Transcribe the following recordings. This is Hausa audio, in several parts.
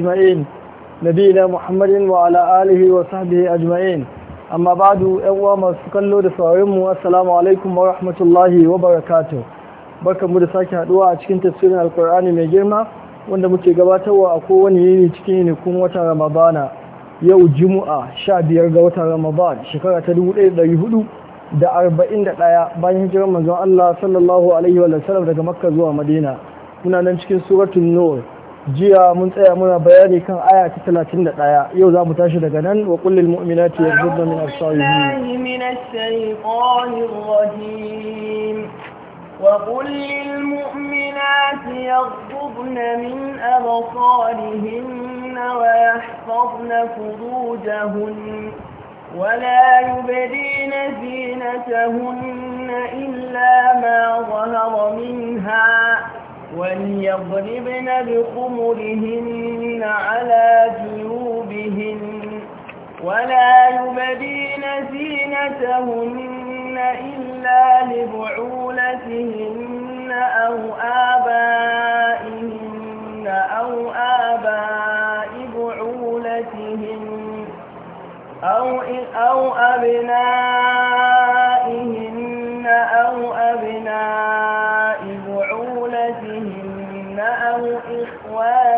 اجمعين نبينا محمد وعلى اله وصحبه اجمعين amma بعد yan uwa masu kallo da mu assalamu alaikum wa rahmatullahi wa barakatuh barkamu da sake haduwa a cikin tafsirin alqur'ani mai girma wanda muke gabatarwa a kowane yini cikin kun wata ramadana yau jumu'a sha biyar ga watan ramadan shekara ta dubu ɗaya ɗari da arba'in da ɗaya bayan hijirar manzon allah sallallahu alaihi wa sallam daga makka zuwa madina muna nan cikin suratul nur jiya mun tsaya muna bayani kan aya ta ɗaya yau za mu tashi daga nan wa kullil mu'minati yaghuddu min absarihin wa kullil mu'minati yaghdudna min absarihin wa ولا يبدين زينتهن إلا ما ظهر منها وليضربن بخمرهن على جيوبهن ولا يبدين زينتهن إلا لبعولتهن أو آبائهن أو آباء بعولتهن أو, أو أبنائهن أو أبنائهن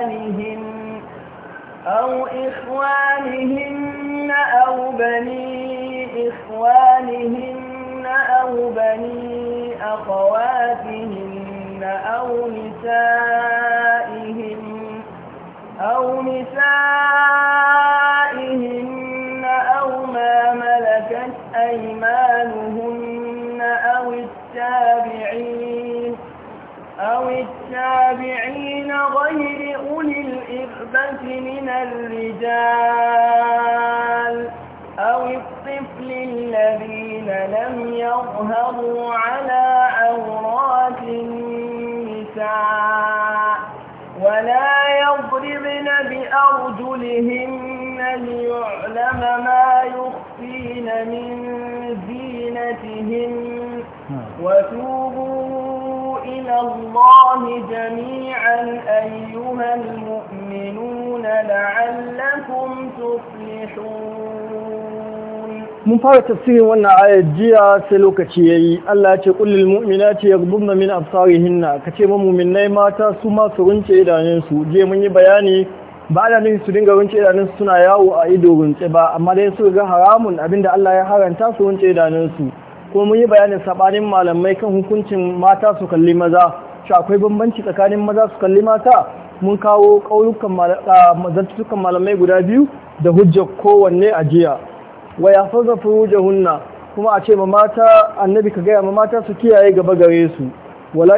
إخوانهن أو إخوانهن أو بني إخوانهن أو بني أخواتهن أو نسائهن الصحبة من الرجال أو الطفل الذين لم يظهروا على عورات النساء ولا يضربن بأرجلهن ليعلم ما يخفين من زينتهن وتوبوا إلى الله جميعا أيها المؤمنون mun fara tafsirin wannan ayar jiya sai lokaci yayi Allah ya ce kullil mu'minati yaghdubna min absarihinna kace ma mu'minai mata su ma su runce idanun su je mun yi bayani ba da nufi su dinga runce idanun su suna yawo a ido runce ba amma dai su ga haramun abinda Allah ya haranta su runce idanun su ko mun yi bayanin sabanin malamai kan hukuncin mata su kalli maza shi akwai bambanci tsakanin maza su kalli mata mun kawo kaulukan malamai guda biyu da hujjar kowanne a jiya wa ya faza hunna kuma a ce ma annabi ka gaya ma mata su kiyaye gaba gare su wala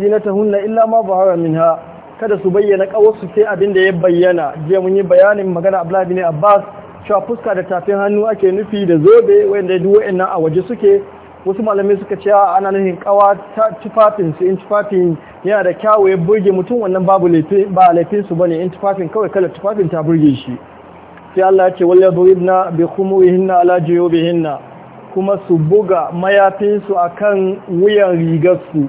zinata hunna illa ma min ha kada su bayyana kawarsu ke abin da ya bayyana jiya mun yi bayanin magana Abdullahi a Abbas cewa fuska da tafin hannu ake nufi da zobe wanda duk wa'annan a waje suke wasu malamai suka ce ana nuhin kawa ta tufafin su in tufafin yana da kyawo ya burge mutum wannan babu ba laifin su bane in tufafin kawai kala tufafin ta burge shi sai Allah ya ce wallahi yadribna bi khumuhinna ala jiyubihinna kuma su buga mayafin su akan wuyan rigar su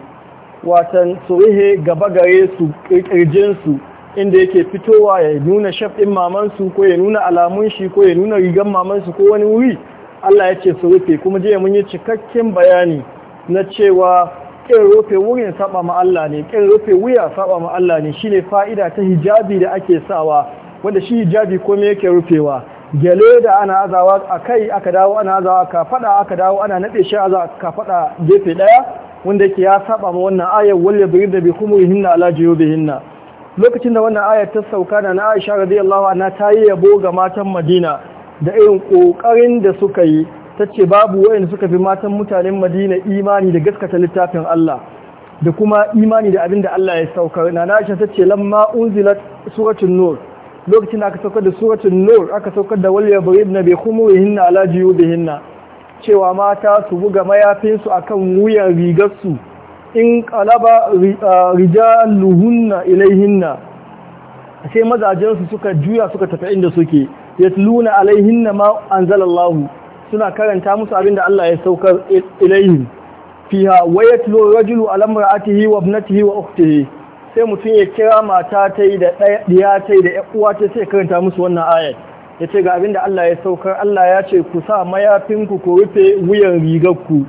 watan su rihe gaba gare su kirjin su inda yake fitowa ya nuna shafin mamansu maman ko ya nuna alamun shi ko ya nuna rigar mamansu ko wani wuri Allah ya ce su rufe kuma jiya mun yi cikakken bayani na cewa kin rufe wurin saba ma Allah ne kin rufe wuya saba ma Allah ne shine fa'ida ta hijabi da ake sawa wanda shi hijabi kome yake rufewa gele da ana azawa a aka dawo ana azawa ka fada aka dawo ana nade shi azawa ka fada gefe daya wanda yake ya saba ma wannan ayar wal da bi khumurihinna ala juyubihinna lokacin da wannan ayar ta sauka na Aisha radiyallahu anha ta yi yabo ga matan Madina da irin ƙoƙarin da suka yi ta ce babu waɗanda suka fi matan mutanen madina imani da gaskata littafin Allah da kuma imani da abin da Allah ya saukar na nashi ta ce lamma unzila, suratul nur lokacin aka saukar da suratul nur aka saukar da wal yabribna bi khumurihinna ala hinna cewa mata su buga mayafinsu a kan wuyan rigarsu in kalaba rijaluhunna ilaihinna sai mazajensu suka juya suka tafi inda suke yatluna alaihinna ma anzalallahu suna karanta musu abinda Allah ya saukar ilaihim fiha wa yatlu rajulu ala imra'atihi wa ibnatihi wa ukhtihi sai mutum ya kira mata ta yi da ɗaya ta yi da uwa ta sai karanta musu wannan ayat ya ce ga abin Allah ya saukar Allah ya ce ku sa mayafinku ku rufe wuyan rigarku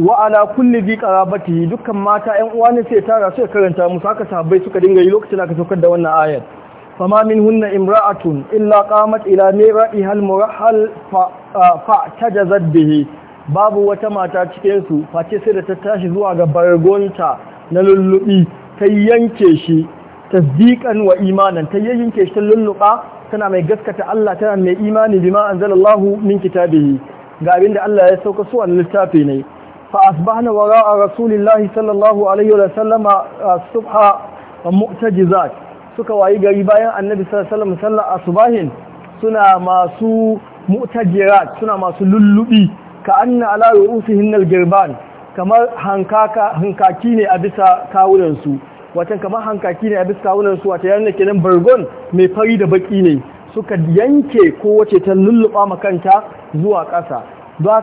wa ala kulli bi qarabati dukkan mata yanuwa uwa ne sai tara su ya karanta musu haka sabai suka dinga yi lokacin da aka saukar da wannan ayat فما منهن امرأة إلا قامت إلى ميرائها المرحل فاعتجزت به babu wata mata cikinsu face sai da ta tashi zuwa ga bargonta na lullubi ta yanke shi tasdiqan wa imanan ta yanke shi ta lulluba tana mai gaskata Allah tana mai imani bima anzalallahu min kitabihi ga abinda Allah ya sauka su a littafi ne fa asbahna wara'a rasulillahi sallallahu alaihi wa sallama subha mu'tajizat suka wayi gari bayan annabi sallallahu alaihi wasallam suna masu mu'tajirat suna masu lullubi ka anna ala ru'usihin al-girban kamar hankaka hankaki ne a bisa kawunan su watan kamar hankaki ne a bisa kawunan su wata yana kenan bargon mai fari da baki ne suka yanke ko wace ta lulluba makanta zuwa ƙasa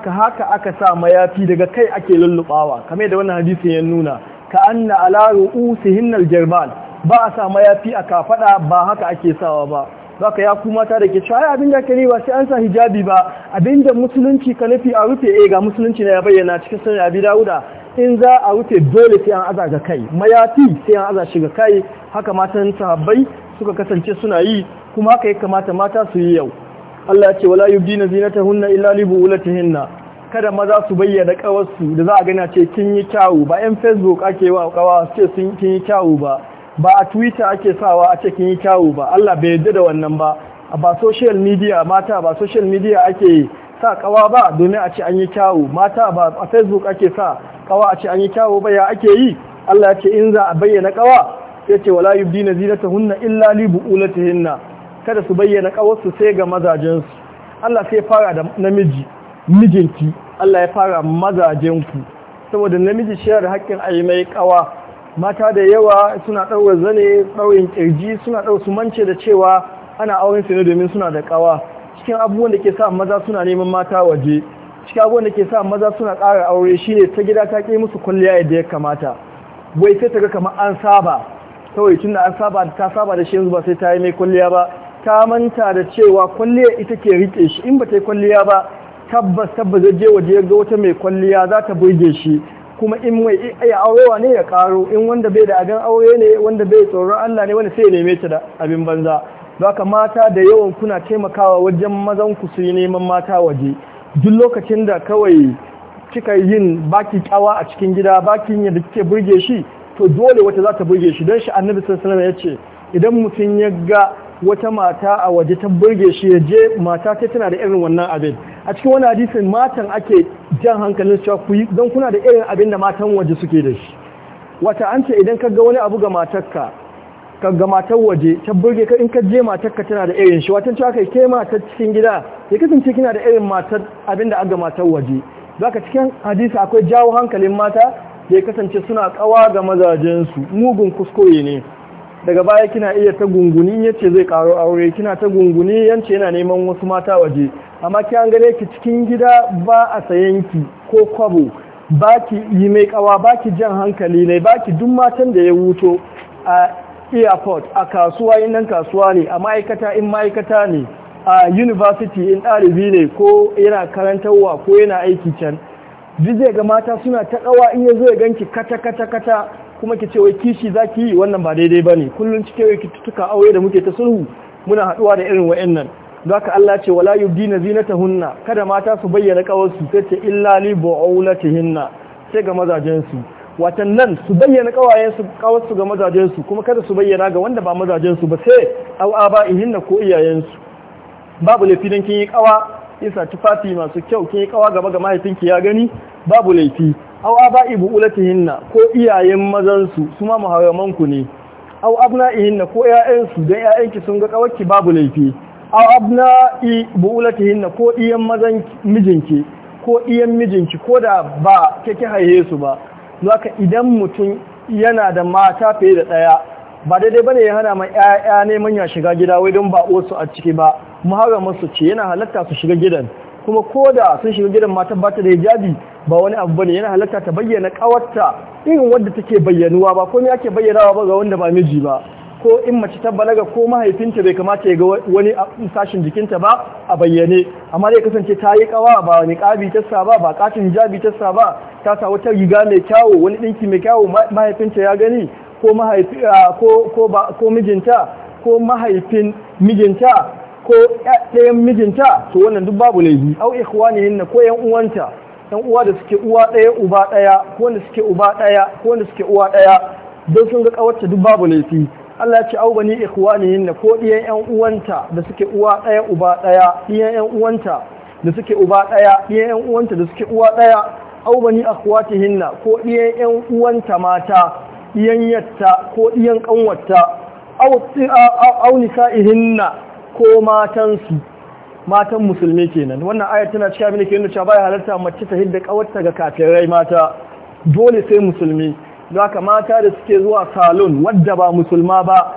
ka haka aka sa mayafi daga kai ake lullubawa kamar da wannan hadisin ya nuna ka anna ala ru'usihin al-girban ba a sa mayafi a kafada ba haka ake sawa ba zaka ya kuma ta da ke cewa abin da kare ba sai an sa hijabi ba abinda musulunci ka nufi a rufe eh ga musulunci na ya bayyana cikin sanar abi dauda in za a rufe dole sai an aza ga kai mayafi sai an aza shi kai haka matan sahabbai suka kasance suna yi kuma haka ya kamata mata su yi yau Allah ya ce wala yubdina zinatahunna illa li hinna kada maza su bayyana kawarsu da za a gana ce kin yi kyawu ba yan facebook ake wa kawa ce sun kin yi kyawu ba ba a twitter ake sawa a cikin yi kyawu ba Allah bai yadda da wannan ba ba social media mata ba social media ake sa kawa ba domin a ce an yi kyawu mata ba a facebook ake sa kawa a ce an yi kyawu ba ya ake yi Allah ya ce in za a bayyana kawa sai ce wala yubdina zinatahunna illa li hinna. kada su bayyana kawarsu sai ga mazajensu Allah sai fara da namiji mijinki Allah ya fara mazajen ku. saboda namiji shi da haƙƙin a mai kawa mata da yawa suna ɗaura zane ɗaurin ƙirji suna ɗau su mance da cewa ana auren su ne domin suna da ƙawa cikin abubuwan da ke sa maza suna neman mata waje cikin abubuwan da ke sa maza suna ƙara aure shi ne ta gida ta ƙi musu kwalliya yadda ya kamata wai sai ta ga kamar an saba kawai tun da an saba ta saba da shi yanzu ba sai ta yi mai kwalliya ba ta manta da cewa kwalliya ita ke riƙe shi in ba ta yi kwalliya ba tabbas tabbas zai je waje ya ga wata mai kwalliya za ta burge shi kuma in mai iya aurewa ne ya karo in wanda bai da agan aure ne wanda bai tsoron Allah ne wanda sai ya neme ta da abin banza ka mata da yawan kuna taimakawa wajen mazan ku su yi neman mata waje duk lokacin da kawai kika yin baki kyawa a cikin gida baki yin da kike burge shi to dole wata za ta burge shi don shi annabi sallallahu alaihi wasallam ya ce idan mutum ya ga wata mata a waje ta burge shi ya je mata ta tana da irin wannan abin a cikin wani hadisin matan ake jan hankalin cewa ku yi don kuna da irin abin da matan waje suke da shi wata an ce idan ka wani abu ga matarka ka ga waje ta burge ka in ka je matarka tana da irin shi watan cewa kai ke matar cikin gida ya kasance kina da irin matar abin da aga matar waje zaka cikin hadisi akwai jawo hankalin mata da ya kasance suna kawa ga mazajensu mugun kuskure ne daga baya kina iya ta gunguni yace zai karo aure kina ta gunguni yance yana neman wasu mata waje amma kyan gane ki cikin gida ba a sayan ki ko kwabo baki yi mai kawa baki jan hankali ne baki duk matan da ya wuto a airport a kasuwa in nan kasuwa ne a ma'aikata in ma'aikata ne a university in ɗalibi ne ko yana karantarwa ko yana aiki can duk ga mata suna ta kawa in ya zo ya ganki kata kata kata kuma ki ce wai kishi za ki yi wannan ba daidai bane kullun cike wai kitutuka aure da muke ta sulhu muna haduwa da irin wayannan zaka Allah ce wala ta hunna kada mata su bayyana kawarsu sai ce illa li bu'ulatihinna sai ga mazajen su watan nan su bayyana kawayensu kawarsu ga mazajensu kuma kada su bayyana ga wanda ba mazajensu ba sai ba aba ihinna ko iyayensu babu lafi dan kin yi kawa sa tufafi masu kyau kin yi kawa gaba ga mahaifinki ya gani babu laifi aw aba'i hinna ko iyayen mazan su su ma ku ne aw abna'ihinna ko ya'yansu su dan iyayenki sun ga kawarki babu laifi aw abna'i bu'ulatihinna ko iyayen mazan mijinki ko iyayen mijinki ko da ba kike haye su ba haka idan mutum yana da mata fiye da ɗaya ba daidai ba ne ya hana mai ƴaƴa neman ya shiga gida wai don ba wasu a ciki ba muharramar su ce yana halatta su shiga gidan kuma ko da sun shiga gidan mata ba ta da hijabi ba wani abu bane yana halatta ta bayyana kawarta irin wadda take bayyanuwa ba komai ake bayyanawa ba ga wanda ba miji ba ko in mace ta balaga ko mahaifinta bai kamata ya ga wani sashin jikinta ba a bayyane amma dai kasance ta yi kawa ba wani kabi ta sa ba ba katin jabi ta sa ba ta sa wata riga mai kyawu wani dinki mai kyawu mahaifinta ya gani ko mahaifi ko ko ko mijinta ko mahaifin mijinta ko ɗayan mijinta to wannan duk babu laifi au ikhwanihinna ko yan uwanta yan uwa da suke uwa ɗaya uba ɗaya ko wanda suke uba ɗaya ko wanda suke uwa ɗaya don sun ga kawarta duk babu laifi Allah ya ce au bani ikhwanihinna ko ɗiyan yan uwanta da suke uwa ɗaya uba ɗaya ɗiyan yan uwanta da suke uba ɗaya ɗiyan yan uwanta da suke uwa ɗaya au bani akhwatihinna ko ɗiyan yan uwanta mata yanyatta ko ɗiyan ƙanwata au ihinna ko matansu matan musulmi kenan wannan ayar tana cikin abin da ke nuna baya halarta mace ta hidda kawarta ga kafirai mata dole sai musulmi za ka mata da suke zuwa salon wadda ba musulma ba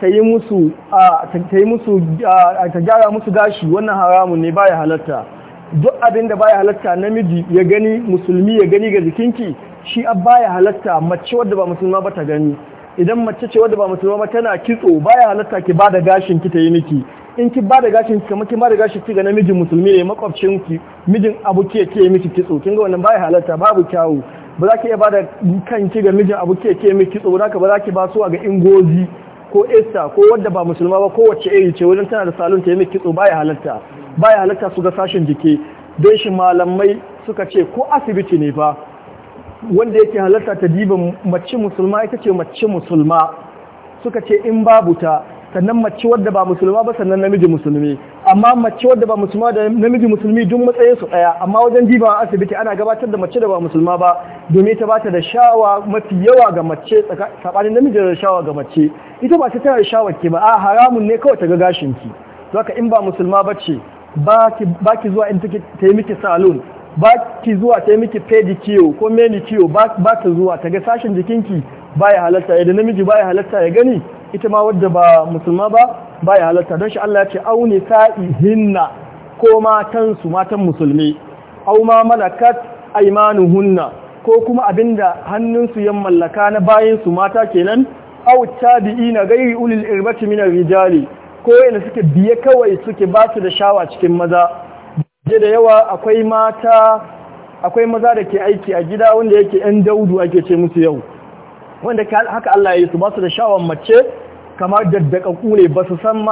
ta yi musu ta gyara musu gashi wannan haramun ne baya halarta duk abin da baya halarta namiji ya gani musulmi ya gani ga jikinki shi baya halatta mace wadda ba musulma ba ta gani idan mace ce wadda ba musulma ba tana kitso baya halatta ki bada gashin ki ta yi miki in ki bada gashin ki kamar kin bada gashin ki ga namijin musulmi ne makwabcin ki mijin abu ke miki kitso kin ga wannan baya halatta babu kyawu ba za ki iya bada kanki ga mijin abu ke miki kitso ba ba za ki ba su ga ingozi ko esta ko wadda ba musulma ba wacce iri ce wajen tana da salon ta yi miki kitso baya halatta baya halatta su ga sashen jiki don shi malamai suka ce ko asibiti ne ba wanda yake halarta ta diban mace musulma ita ce mace musulma suka ce in babu ta sannan mace wadda ba musulma ba sannan namiji musulmi amma mace wadda ba musulma da namiji musulmi duk matsayin su daya amma wajen diba asibiti ana gabatar da mace da ba musulma ba domin ta bata da shawa mafi yawa ga mace tsakanin namiji da shawa ga mace ita ba ta tana shawa ke ba a haramun ne kawai ta ga gashin ki zaka in ba musulma ba baki ba ki zuwa in ta yi miki salon ba ki zuwa ta yi miki pedicure ko manicure ba ta zuwa ta ga sashen jikinki ya halatta ya da namiji ya halatta ya gani ita ma wadda ba musulma ba ya halatta don shi Allah ya ce auni hinna ko matan su matan musulmi au ma malakat hunna ko kuma abinda hannunsu yan mallaka na bayan su mata kenan au tabi'ina gairi ulil irbati minar rijali ko yana suke biye kawai suke ba su da shawa cikin maza je da yawa akwai mata akwai maza da ke aiki a gida wanda yake yan daudu ake ce musu yau wanda haka Allah ya yi su ba su da shawon mace kamar daddaka kule ba su san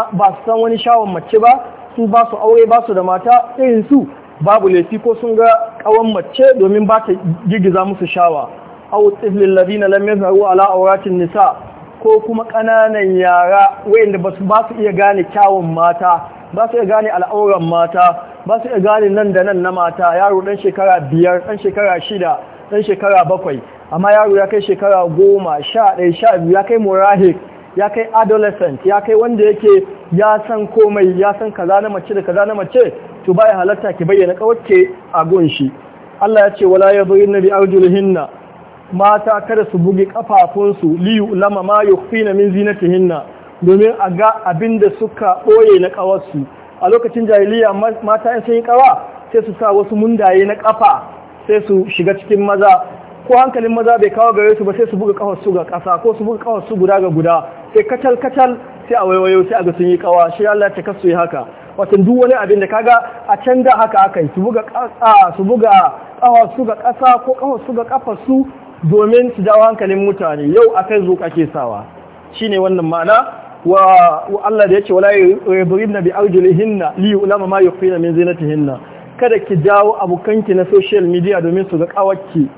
wani shawon mace ba su ba su aure ba su da mata irin su babu laifi ko sun ga kawan mace domin ba ta girgiza musu shawa aw tiflil na lam yazharu ala awratin nisa ko kuma ƙananan yara wayanda ba su iya gane kyawun mata ba su iya gane al'auran mata ba su iya gane nan da nan na mata yaro ɗan shekara biyar dan shekara shida dan shekara bakwai amma yaro ya kai shekara goma sha ɗaya sha biyu ya kai murahik ya kai adolescent ya kai wanda yake ya san komai ya san kaza na mace da kaza na mace to ya halatta ki bayyana kawace a gun shi Allah ya ce wala yadhurina bi arjulihinna mata kada su bugi kafafunsu liyu lama ma yukhfina min zinatihinna domin a ga abinda suka boye na kawarsu a lokacin jahiliya mata yin sun yi kawa sai su sa wasu mundaye na kafa sai su shiga cikin maza ko hankalin maza bai kawo gare su ba sai su buga kawar su ga kasa ko su buga kawar su guda ga guda sai kacal kacal sai a waiwayo sai a ga sun yi kawa shi Allah ta kasu yi haka wato duk wani abin da kaga a can da haka aka yi su buga kasa su ga kasa ko kawar su ga kafar su domin su dawo hankalin mutane yau akai zo kake sawa shine wannan ma'ana wa Allah da yake wala na bi arjulihinna li ulama ma yufina min zinatihinna kada ki jawo abokanki na social media domin su ga kawarki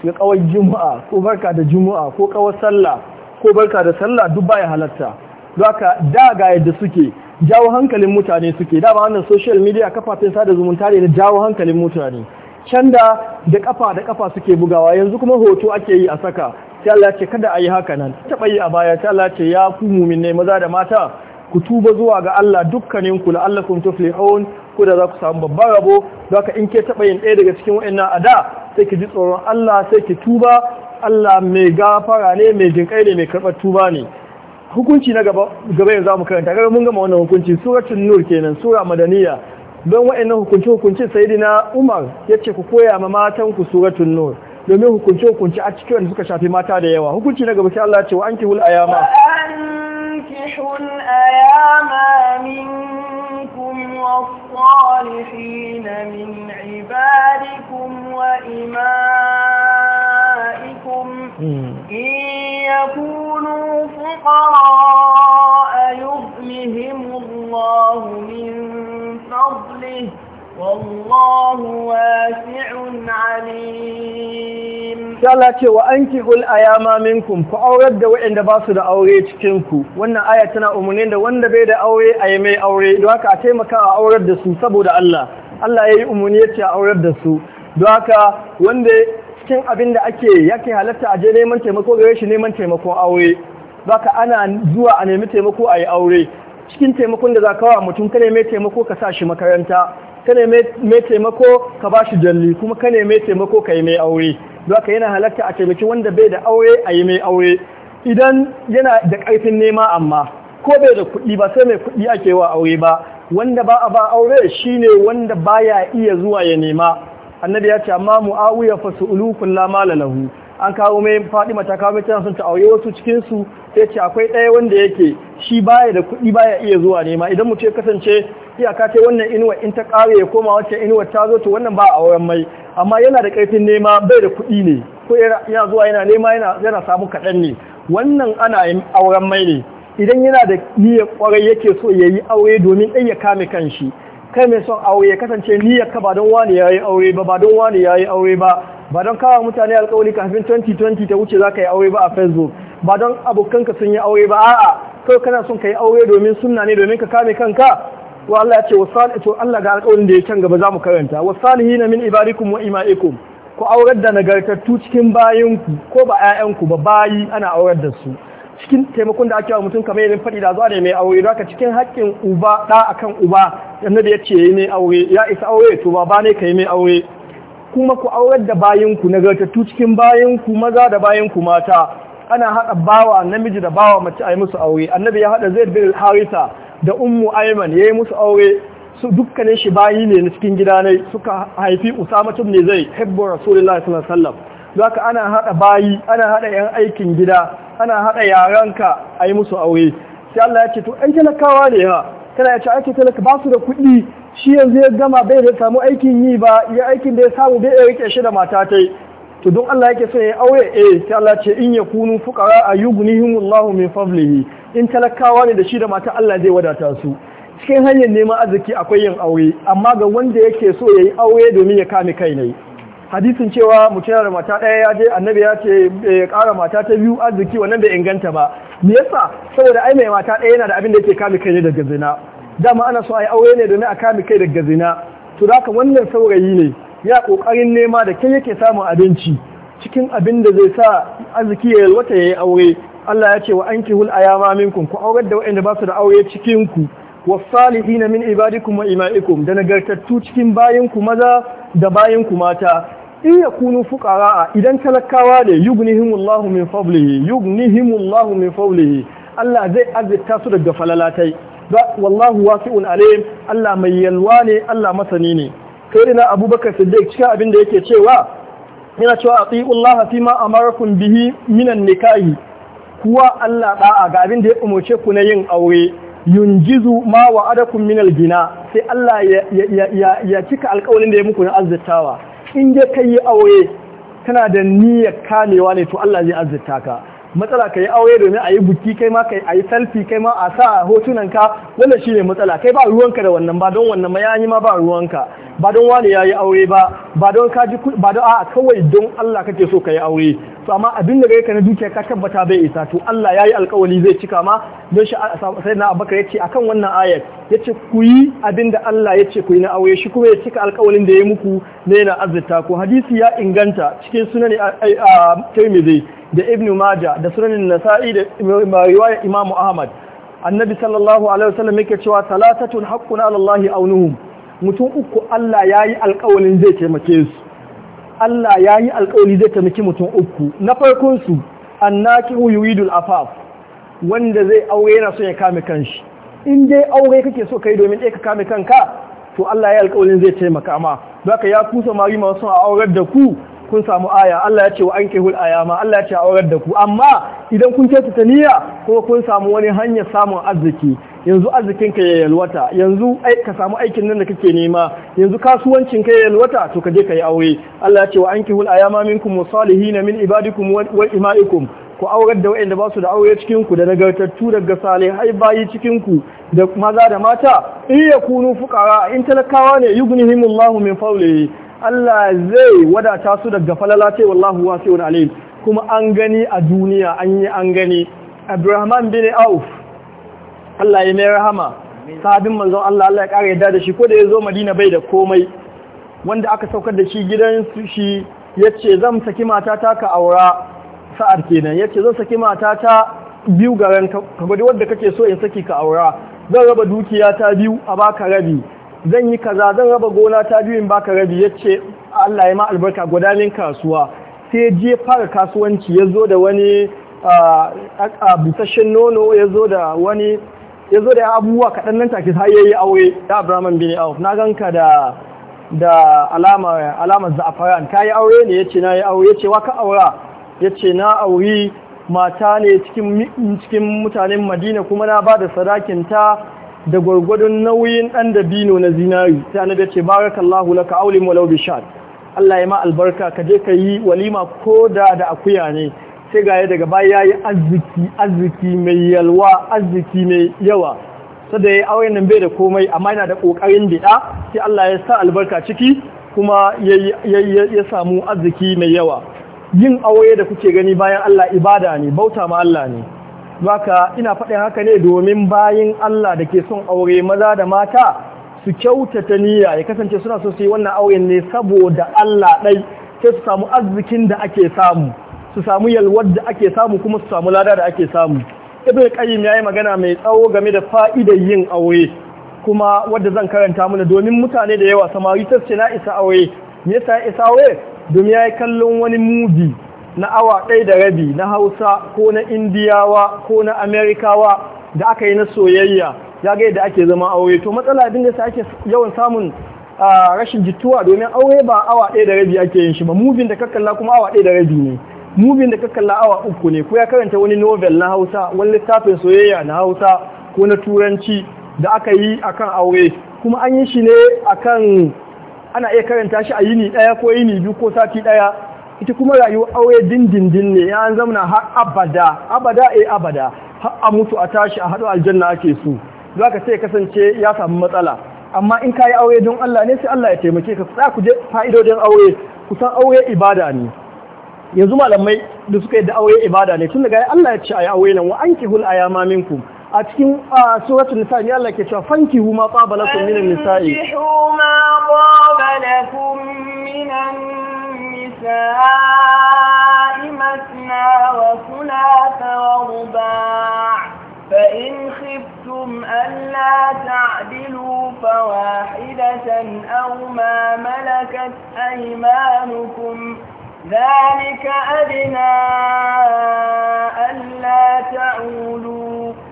su ga kawar juma'a ko barka da juma'a ko kawar sallah ko barka da sallah duk baya halatta don haka da ga yadda suke jawo hankalin mutane suke da ba wannan social media kafafen sada zumunta ne da jawo hankalin mutane can da da kafa da kafa suke bugawa yanzu kuma hoto ake yi a saka sai Allah ce kada a yi haka nan taɓa yi a baya sai Allah ce ya ku muminai maza da mata ku tuba zuwa ga Allah dukkanin ku la'allakum tuflihun ku da za ku samu babban rabo haka in ke taɓa yin ɗaya daga cikin wa'annan ada sai ki ji tsoron Allah sai ki tuba Allah mai gafara ne mai jinƙai ne mai karɓar tuba ne hukunci na gaba gaba yanzu mu karanta kaga mun gama wannan hukunci suratul nur kenan sura madaniya don wa'annan hukunci hukunci sayyidina Umar yace ku koya ma matan ku suratul nur domin hukunci hukunci a cikin wanda suka shafi mata da yawa hukunci na gaba sai Allah ya ce wa anki hul ayama ankihul ayama minkum was-salihin min ibadikum wa imaikum in yakunu fuqara ayuhmihim Allah min fadlihi والله واسع عليم Allah ce wa anki ul ayama minkum ku aurar da waɗanda ba su da aure cikin wannan aya tana umarni da wanda bai da aure a yi mai aure don haka a taimaka a aurar da su saboda Allah Allah ya yi umarni ya ce a aurar da su don haka wanda cikin abin da ake yake halatta a je neman taimako gare shi neman taimakon aure baka ana zuwa a nemi taimako a yi aure cikin taimakon da za ka wa mutum ka nemi taimako ka sa shi makaranta ka ne mai taimako ka ba shi jalli kuma ka mai taimako ka yi mai aure don ka yana halatta a taimaki wanda bai da aure a yi mai aure idan yana da ƙarfin nema amma ko bai da kuɗi ba sai mai kuɗi ake wa aure ba wanda ba a ba aure shine wanda baya iya zuwa ya nema annabi ya ce amma mu'awiya fa su'ulu kullama lahu an kawo mai faɗi mata kawo mai tana sun ta auye wasu cikinsu sai ce akwai ɗaya wanda yake shi baya da kuɗi baya iya zuwa nema idan mutum ya kasance iyaka ce wannan inuwa in ta ƙare ya koma wacce inuwar ta zo ta wannan ba auren mai amma yana da ƙarfin nema bai da kuɗi ne ko yana zuwa yana nema yana samu kaɗan ne wannan ana yin auren mai ne idan yana da niyyar kwarai yake so ya yi aure domin ɗan ya kame kanshi kai mai son aure ya kasance niyyar ka ba don wani ya yi aure ba ba don wani ya yi aure ba ba don kawo mutane alkawali kafin 2020 ta wuce za ka yi aure ba a facebook ba don abokanka sun yi aure ba a'a kai kana son ka yi aure domin sunna ne domin ka kame kanka wa Allah ya ce wa Allah ga alƙawarin da ya can gaba za mu karanta wa salihin min ibarikum wa ima'ikum ku aurar da nagartattu cikin bayanku ko ba ku ba bayi ana aurar da su cikin taimakon da ake wa mutum kamar yin faɗi da zuwa ne mai aure da ka cikin haƙƙin uba ɗa akan uba annabi ya ce yi mai aure ya isa aure to ba ne ka yi mai aure kuma ku aurar da bayanku nagartattu cikin bayanku maza da bayanku mata ana haɗa bawa namiji da bawa mace a yi musu aure annabi ya haɗa zai bin harisa da ummu aiman ya yi musu aure su dukkanin shi bayi ne na cikin gida ne suka haifi usama ne zai hebbo rasulullah sallallahu alaihi wasallam zaka ana haɗa bayi ana haɗa yan aikin gida ana haɗa yaranka a yi musu aure sai Allah ya ce to ai talakawa ne ha kana ya ce ake talaka ba da kuɗi shi yanzu ya gama bai da samu aikin yi ba ya aikin da ya samu bai ya rike shi da mata ta yi to don Allah yake so ya aure eh sai Allah ce in ya yakunu fuqara ayughnihimullahu min fadlihi in talakawa ne da shi da mata Allah zai wadata su cikin hanyar neman arziki akwai yin aure amma ga wanda yake so ya yi aure domin ya kame kai ne hadisin cewa mutum da mata ɗaya ya je annabi ya ce eh, ya ƙara mata ta biyu arziki wannan bai inganta ba me yasa saboda ai mai mata ɗaya yana da abin da yake kame kai ne daga zina dama ana so a yi aure ne domin a kame kai daga zina to da wannan saurayi ne ya kokarin nema da kai yake samun abinci cikin abin da zai sa arziki ya yalwata ya yi aure Allah ya ce wa an kihul ayama minkum ku aurar da waɗanda ba su da aure cikin ku salihin min ibadikum wa ima'ikum da nagartattu cikin ku maza da ku mata in kunu fuqara idan talakawa ne yughnihimullahu min fadlihi yughnihimullahu min fadlihi Allah zai azurta su daga falalatai wallahu wasi'un alim Allah mai yalwa ne Allah masani ne sayyidina abubakar siddiq cikin abin da yake cewa yana cewa fi ma amarakum bihi minan nikahi kuwa Allah da'a ga abin da ya umurce ku na yin aure yunjizu ma wa'adakum minal gina sai Allah ya cika alƙawarin da ya muku na azzatawa in je kai aure kana da niyyar kamewa ne to Allah zai azzata ka matsala ka yi aure domin a yi buki kai ma a yi salfi kai ma a sa hotunan ka wannan shine matsala kai ba ruwanka da wannan ba don wannan ma ya yi ma ba ruwanka ba don wani ya yi aure ba ba don kaji ba don a'a kawai don Allah kake so ka yi aure to amma abin da ka na dukiya ka tabbata bai isa to Allah ya yi alkawali zai cika ma don shi sai na abakar yace akan wannan ayat ya ce ku yi abin da Allah ce ku yi na aure shi kuma ya cika alkawalin da ya muku na yana azurta ko hadisi ya inganta cikin sunan Tirmidhi da Ibn Majah da sunanin Nasa'i da riwaya Imam Ahmad annabi sallallahu alaihi wasallam yake cewa talatatun haqqun ala Allah aunuhum mutum uku Allah ya yi alkawalin zai taimake su Allah ya yi alkawali zai taimaki mutum uku na farkonsu annaki yuridul afaf wanda zai aure yana son ya kame kanshi in dai aure kake so kai domin ɗaya ka kame kanka to Allah ya yi alkawalin zai taimaka ma ka ya kusa mari masu son a aurar da ku kun samu aya Allah ya ce wa an kehul ayama Allah ya ce a aurar da ku amma idan kun kyautata niyya ko kun samu wani hanyar samun arziki yanzu arzikinka ya yalwata yanzu ka samu aikin nan da kake nema yanzu kasuwancin ka ya yalwata to ka je ka yi aure Allah ya ce wa ankihul ayama minkum wasalihina min ibadikum wa ima'ikum ku aurar da waɗanda ba su da aure cikin ku da nagartattu daga salihai bayi cikin ku da maza da mata in ya kunu fuqara in talakawa ne yughnihimullahu min fawlihi Allah zai wadata su daga falala ce wallahu wasi'un alim kuma an gani a duniya an yi an gani Abdurrahman bin Auf Allah ya mai rahama sahabin manzon Allah Allah ya ƙara yadda da shi ko da ya zo Madina bai da komai wanda aka saukar da shi gidan shi yace zan saki matata ka aura sa'ar kenan yace zan saki matata biyu garan ka gwadi wanda kake so in saki ka aura zan raba dukiya ta biyu a baka rabi zan yi kaza zan raba gona ta biyu in baka rabi yace Allah ya ma albarka gudanin kasuwa sai je fara kasuwanci ya zo da wani ah, a busashen nono ya zo da wani ya zo da abubuwa kaɗan nan take ya yayi aure da Abraman bin Auf na ganka da da alama alamar za'afaran kai aure ne yace na yi aure yace wa ka aura yace na auri mata ne cikin cikin mutanen Madina kuma na bada sadakin ta da gwargwadon nauyin ɗan dabino na zinari sai annabi yace barakallahu laka aulim walau bishad Allah ya ma albarka ka je ka yi walima ko da da akuya ne sai ga ya daga baya ya yi arziki arziki mai yalwa arziki mai yawa sada ya yi auren nan bai da komai amma yana da ƙoƙarin daɗa sai Allah ya sa albarka ciki kuma ya samu arziki mai yawa yin aure da kuke gani bayan Allah ibada ne bauta ma Allah ne baka ina faɗin haka ne domin bayan Allah da ke son aure maza da mata su kyautata niyya ya kasance suna so su yi wannan auren ne saboda Allah ɗai sai su samu arzikin da ake samu su samu yalwar da ake samu kuma su samu lada da ake samu ibn qayyim yi magana mai tsawo game da fa'idar yin aure kuma wadda zan karanta mana domin mutane da yawa samari ta ce na isa aure me yasa isa aure domin yayi kallon wani mubi na awa ɗaya da rabi na Hausa ko na Indiyawa ko na Amerikawa da aka yi na soyayya ya ga yadda ake zama aure to matsala din da ake yawan samun ah, rashin jituwa domin aure ba awa ɗaya da rabi ake yin shi ba mubin da kalla kuma awa ɗaya da rabi ne mubin da ka kalla awa uku ne ko ya karanta wani novel na hausa wani littafin soyayya na hausa ko na turanci da aka yi akan aure kuma an yi shi ne akan ana iya karanta shi a yini daya ko yini biyu ko sati daya ita kuma rayuwar aure dindindin ne ya an zamana har abada abada eh abada har a mutu a tashi a haɗu aljanna ake su za ka sai kasance ya samu matsala amma in ka yi aure don Allah ne sai Allah ya taimake ka ku je fa'idodin aure kusan aure ibada ne yanzu malamai da suka yi da aure ibada ne tun daga Allah ya ce ayi aure nan wa ankihul ayama minkum a cikin suratul nisa ne Allah ke cewa fankihu ma qaba lakum minan nisa'i fankihu ma qaba lakum minan nisa'i masna wa thulatha wa ruba' فإن خفتم ألا تعدلوا فواحدة أو ما ملكت أيمانكم ذلك أدنى ألا تعولوا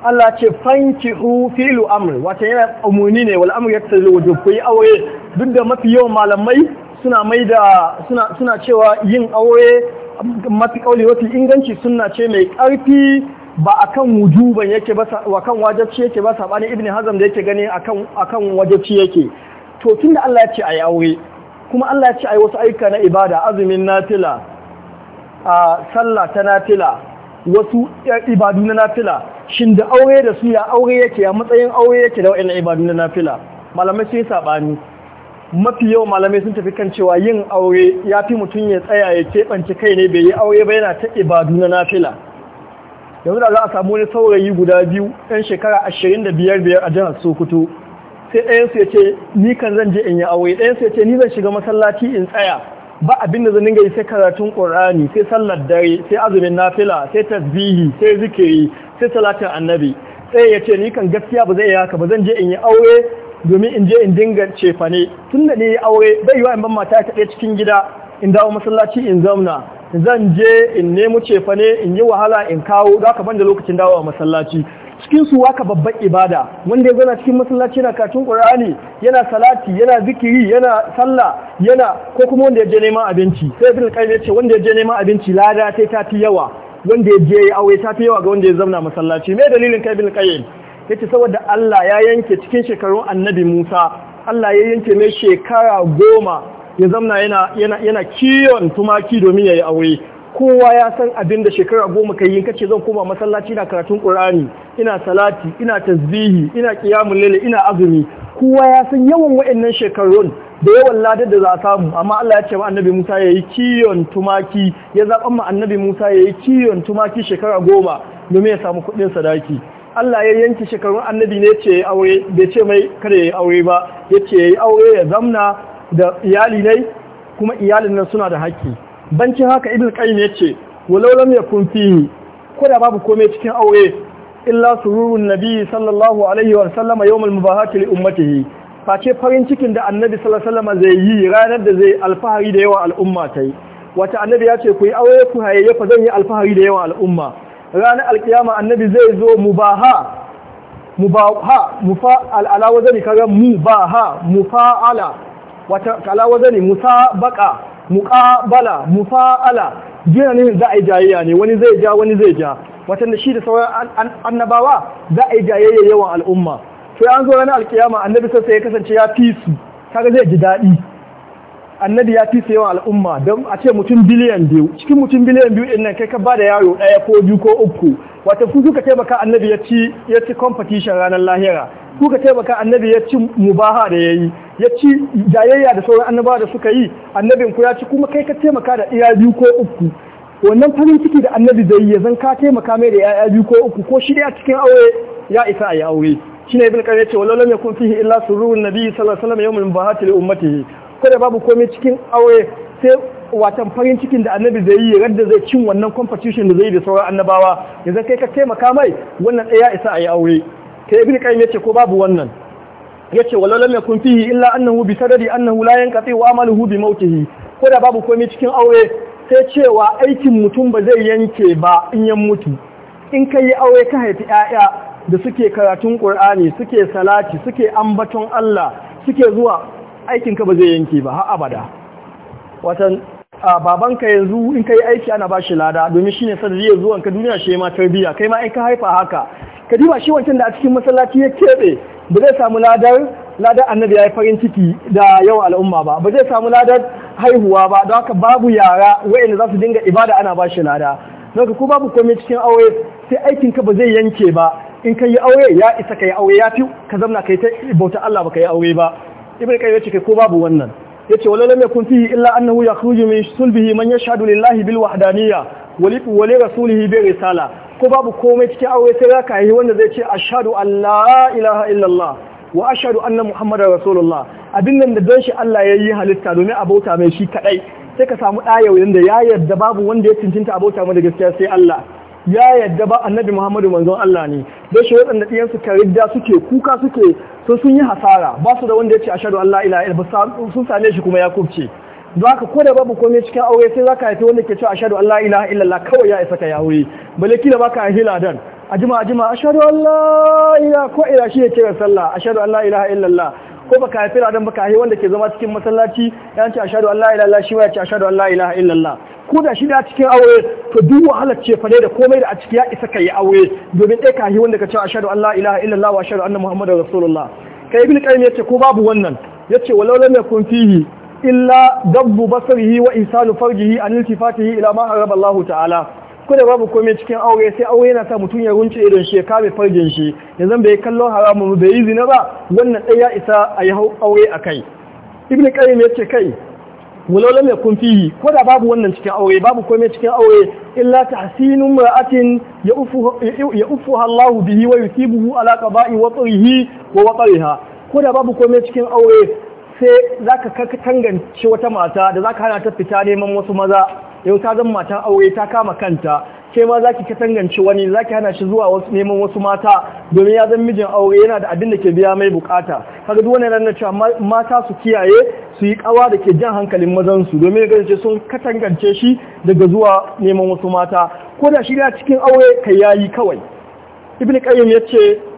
Allah ce fanki filu amr wata yana umuni ne wal amr yattazi zai ku yi aure duk da mafi yawan malamai suna mai da suna cewa yin aure mafi kauli mafi inganci suna ce mai karfi ba akan wujuban yake ba kan wajibci yake ba sabani ibn hazm da yake gani akan akan wajibci yake to tunda Allah ya ce yi aure kuma Allah ya ce ai wasu ayyuka na ibada azumin natila a sallah ta natila wasu ibadu na nafila. shin da aure da su ya aure yake ya matsayin aure yake da wa'annan ibadu na natila malamai sun sabani mafi yau malamai sun tafi kan cewa yin aure ya fi mutum ya tsaya ya keɓance kai ne bai yi aure ba yana ta ibadu na nafila yanzu da za a samu wani saurayi guda biyu yan shekara ashirin biyar a jihar sokoto sai ɗayan su ya ce ni kan zan je in yi aure ɗayan su ya ce ni zan shiga masallaci in tsaya ba abin da zan dinga yi sai karatun Qur'ani sai sallar dare sai azumin nafila sai tasbihi sai zikiri sai salatin annabi sai ya ce ni kan gaskiya ba zai yi haka ba zan je in yi aure domin in je in dinga cefane tun da ni aure bai wa in ban mata ta ɗaya cikin gida in dawo masallaci in zauna zan je in nemo cefane in yi wahala in kawo za ka ban da lokacin dawo a masallaci cikin su waka babban ibada wanda ya zana cikin masallaci yana katun qur'ani yana salati yana zikiri yana sallah yana ko kuma wanda ya je neman abinci sai ibn qayyim ya ce wanda ya je neman abinci lada sai ta fi yawa wanda ya je aure ta fi yawa ga wanda ya zauna masallaci me dalilin kai ibn qayyim yace saboda Allah ya yanke cikin shekarun annabi Musa Allah ya yanke mai shekara goma ya zamna yana kiyon tumaki domin ya yi aure kowa ya san abin da shekara goma kai yin kace zan koma masallaci na karatun Qur'ani ina salati ina tasbihi ina qiyamul layl ina azumi kowa ya san yawan waɗannan shekarun da yawan ladar da za a samu amma Allah ya ce wa annabi Musa yayi kiyon tumaki ya zaban ma annabi Musa yayi kiyon tumaki shekara goma domin ya samu kuɗin sadaki Allah ya yanki shekarun annabi ne ce ya aure bai ce mai kada ya aure ba ya ce ya aure ya zamna da iyali ne kuma iyalin nan suna da haƙƙi bancin haka ibn qayyim yace walau lam yakun fihi ko da babu komai cikin aure illa sururun nabi sallallahu alaihi wa sallam yawm al-mubahati li ummatihi face farin cikin da annabi sallallahu alaihi wa sallam zai yi ranar da zai alfahari da yawa al'umma tai wata annabi ya ce ku yi aure ku hayayya fa zan yi alfahari da yawa al'umma ranar alkiyama annabi zai zo mubaha mubaha mufa'al ala wazani kaga mubaha mufa'ala wata ala wazani musabaqa muƙabala mufa'ala jira ne za a yi jayayya ne wani zai ja wani zai ja watanda shi da sauran annabawa za a yi jayayya yawan al'umma sai an zo ranar alkiyama annabi sai ya kasance ya fi su kaga zai ji daɗi annabi ya fi sayawa al'umma don a ce mutum biliyan biyu cikin mutum biliyan biyu nan kai ka ba da yaro ɗaya ko biyu ko uku wata ku kuka taimaka annabi ya ci ya ci competition ranar lahira kuka taimaka annabi ya ci mubaha da ya yi ya ci jayayya da sauran annabawa da suka yi annabin ku ya ci kuma kai ka taimaka da iya biyu ko uku wannan farin ciki da annabi zai yi ya zan ka taimaka mai da ya'ya biyu ko uku ko shirya cikin aure ya isa a yi aure ne ibn qayyim ya ce walau lam yakun fihi illa sururun nabiy sallallahu alaihi wasallam yawmin bahati li ummatihi Koda babu komai cikin aure sai watan farin cikin da annabi zai yi radda zai cin wannan competition da zai yi da sauran annabawa yanzu kai ka taimaka mai wannan ɗaya isa a yi aure kai ibn qayyim yace ko babu wannan yace walau lam yakun fihi illa annahu bi sadadi annahu la yanqati wa amaluhu bi mautihi kada babu komai cikin aure sai cewa aikin mutum ba zai yanke ba in ya mutu in kai yi aure ka haifi 'ya'ya da suke karatun Qur'ani suke salati suke ambaton Allah suke zuwa aikinka ba zai yanke ba har abada watan babanka yanzu in ka yi aiki ana ba shi lada domin shine ne zai zuwan ka duniya shi ma tarbiya kai ma in ka haifa haka ka diba shi wancan da a cikin masallaci ya keɓe ba zai samu ladar ladar annabi ya farin ciki da yawan al'umma ba ba zai samu ladar haihuwa ba don haka babu yara wa'anda za su dinga ibada ana ba shi lada don ka ko babu komai cikin aure sai aikinka ba zai yanke ba in ka yi aure ya isa ka yi aure ya fi ka zamna ka yi ta bauta Allah ba ka yi aure ba ibn qayyim yace ko babu wannan yace wala lam yakun fihi illa annahu yakhruju min sulbihi man yashhadu lillahi bil wahdaniyya wa li rasulihi bi risala ko babu komai cikin aure sai zaka yi wanda zai ce ashhadu an la ilaha allah wa ashhadu anna muhammadar rasulullah abin nan da don shi Allah yayi halitta domin abota mai shi kadai sai ka samu ɗaya wanda ya yarda babu wanda ya cincinta abota mai da gaskiya sai Allah ya yadda ba annabi Muhammadu manzon Allah ne da shi waɗanda ɗiyansu karidda suke kuka suke To sun yi hasara ba su da wanda ya ce ashhadu an la ila illallah sun same shi kuma ya kubce don haka ko da babu komai cikin aure sai za ka haifi wanda ke a ashhadu Allah ila ila illallah kawai ya isa ka ya aure bale kila baka haifi ladan a jima a jima a an Allah ila ko ila shi ya kira sallah a ashhadu Allah ila ila illallah ko baka haifi ladan baka haifi wanda ke zama cikin masallaci ya ce ashhadu an la ilaha illallah shi wa ya ce ashhadu an la ilaha illallah ko da shi da cikin aure to duk wahalar ce fa da komai da a ciki ya isa kai aure domin dai ka haifi wanda ka ce ashhadu an la ilaha illallah wa ashhadu anna muhammadar rasulullah kai ibn qayyim yace ko babu wannan Ya yace walau lam yakun fihi illa dabbu basarihi wa ihsanu farjihi an iltifatihi ila ma haraba Allah ta'ala ko da babu komai cikin aure sai aure yana sa mutum ya runce idon shi ya kame farjin shi yanzu bai kallon haramun bai yi zina ba wannan ɗaya isa a yi aure a kai ibn qayyim ya ce kai walola mai kun fihi ko da babu wannan cikin aure babu komai cikin aure illa tahsinun mar'atin ya ufu Allahu bihi wa yusibuhu ala alaka watrihi wa ko da babu komai cikin aure sai zaka tangance wata mata da zaka hana ta fita neman wasu maza yau ta zama matan aure ta kama kanta ke ma za ki katangance wani za ki hana shi zuwa wasu neman wasu mata domin ya zama mijin aure yana da abin da ke biya mai bukata kaga duk wannan cewa mata su kiyaye su yi kawa da ke jan hankalin mazansu domin ya ce sun katangance shi daga zuwa neman wasu mata ko da shi cikin aure kai yayi kawai ibn qayyim yace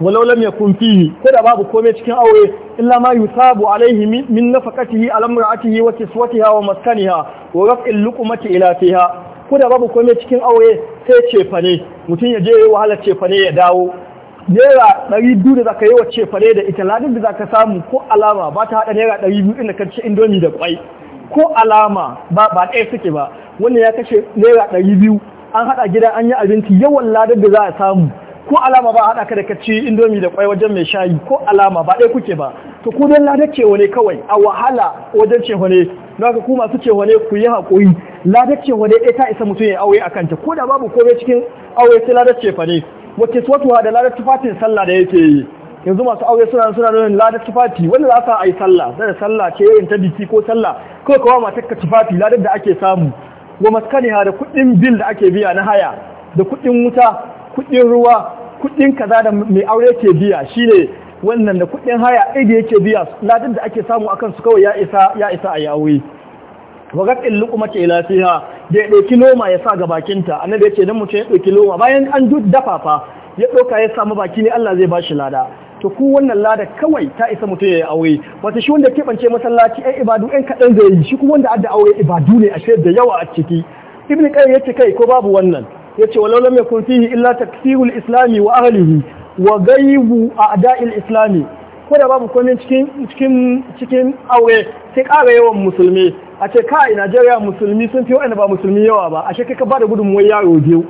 ولو لم يكن فيه كذا باب babu komai cikin aure illa ma yusabu alaihi min nafaqatihi ala imra'atihi wa kiswatiha wa maskaniha wa raf'il luqmati ila fiha kuda babu komai cikin aure sai cefane mutum ya je ya wahala cefane ya dawo naira ɗari da zaka yi wa cefane da ita ladin da zaka samu ko alama ba ta haɗa naira ɗari biyu inda kan ci indomi da kwai ko alama ba ba ɗaya suke ba wannan ya kashe naira ɗari biyu an haɗa gida an yi abinci yawan ladin da za a samu ko alama ba haɗa ka da kaci indomi da kwai wajen mai shayi ko alama ba ɗaya kuke ba to ku don lada cewa ne kawai a wahala wajen cewa ne don haka ku masu cewa ne ku yi haƙoyi lada cewa ne ɗaya ta isa mutum ya aure a kanta ko da babu komai cikin aure sai lada cefa ne wacce suwatuwa da lada tufafin sallah da yake yi yanzu masu aure suna suna nuna ladar tufafi wanda za a yi sallah da sallah ce yin ta biki ko sallah ko kawo matakka tufafi ladar da ake samu wa maskaniha da kuɗin bil da ake biya na haya da kuɗin wuta kuɗin ruwa kuɗin kaza da mai aure ke biya shine wannan da kuɗin haya idi yake biya ladin da ake samu akan su kawai ya isa ya isa a yawe wa gaqil luqma ke lafiya da ya ɗauki loma ya sa ga bakinta annabi yace dan mutum ya ɗauki loma bayan an dafa dafafa ya ɗauka ya samu baki ne Allah zai ba shi lada to ku wannan lada kawai ta isa mutum ya yi aure wata shi wanda keɓance masallaci ɗan ibadu ɗan kaɗan zai yi shi kuma wanda adda aure ibadu ne ashe da yawa a ciki ibn qayyim yace kai ko babu wannan yace walau lam yakun fihi illa taksirul islami wa ahlihi wa ghaibu a'da'il islami ko da babu komai cikin cikin cikin aure sai kara yawan musulmi a ce kai Najeriya musulmi sun fi waɗanda ba musulmi yawa ba ashe kai ka bada gudunmuwar yaro biyu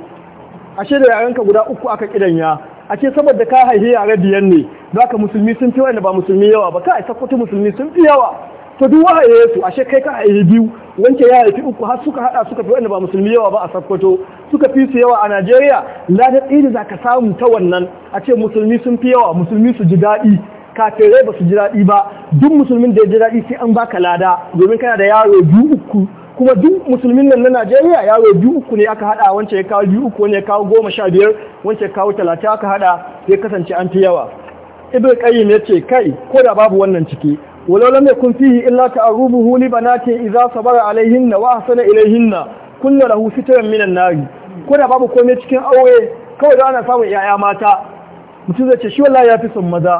ashe da yaranka guda uku aka kidanya a ce saboda ka haihi yare biyan ne za ka musulmi sun fi wanda ba musulmi yawa ba ka aisa musulmi sun fi yawa to duk a su ashe kai ka haye biyu wanke ya haifi uku har suka hada suka fi wanda ba musulmi yawa ba a sakkwato suka fi su yawa a Najeriya ladar ɗaya za ka samu ta wannan a ce musulmi sun fi yawa musulmi su ji daɗi kafirai ba su ji daɗi ba duk musulmin da ya ji daɗi sai an baka lada domin kana da yaro biyu uku kuma duk musulmin nan na Najeriya yaro biyu uku ne aka hada wance ya kawo biyu uku wani ya kawo goma sha biyar wance ya kawo talatin aka hada ya kasance an fi yawa Ibrahim ya ce kai ko da babu wannan ciki walau lam yakun fihi illa ta'arubuhu li banati idza sabara alaihinna wa ahsana kunna kullu lahu sitran minan nari ko da babu komai cikin aure kawai da ana samun yaya mata mutum zai shi wallahi ya fi son maza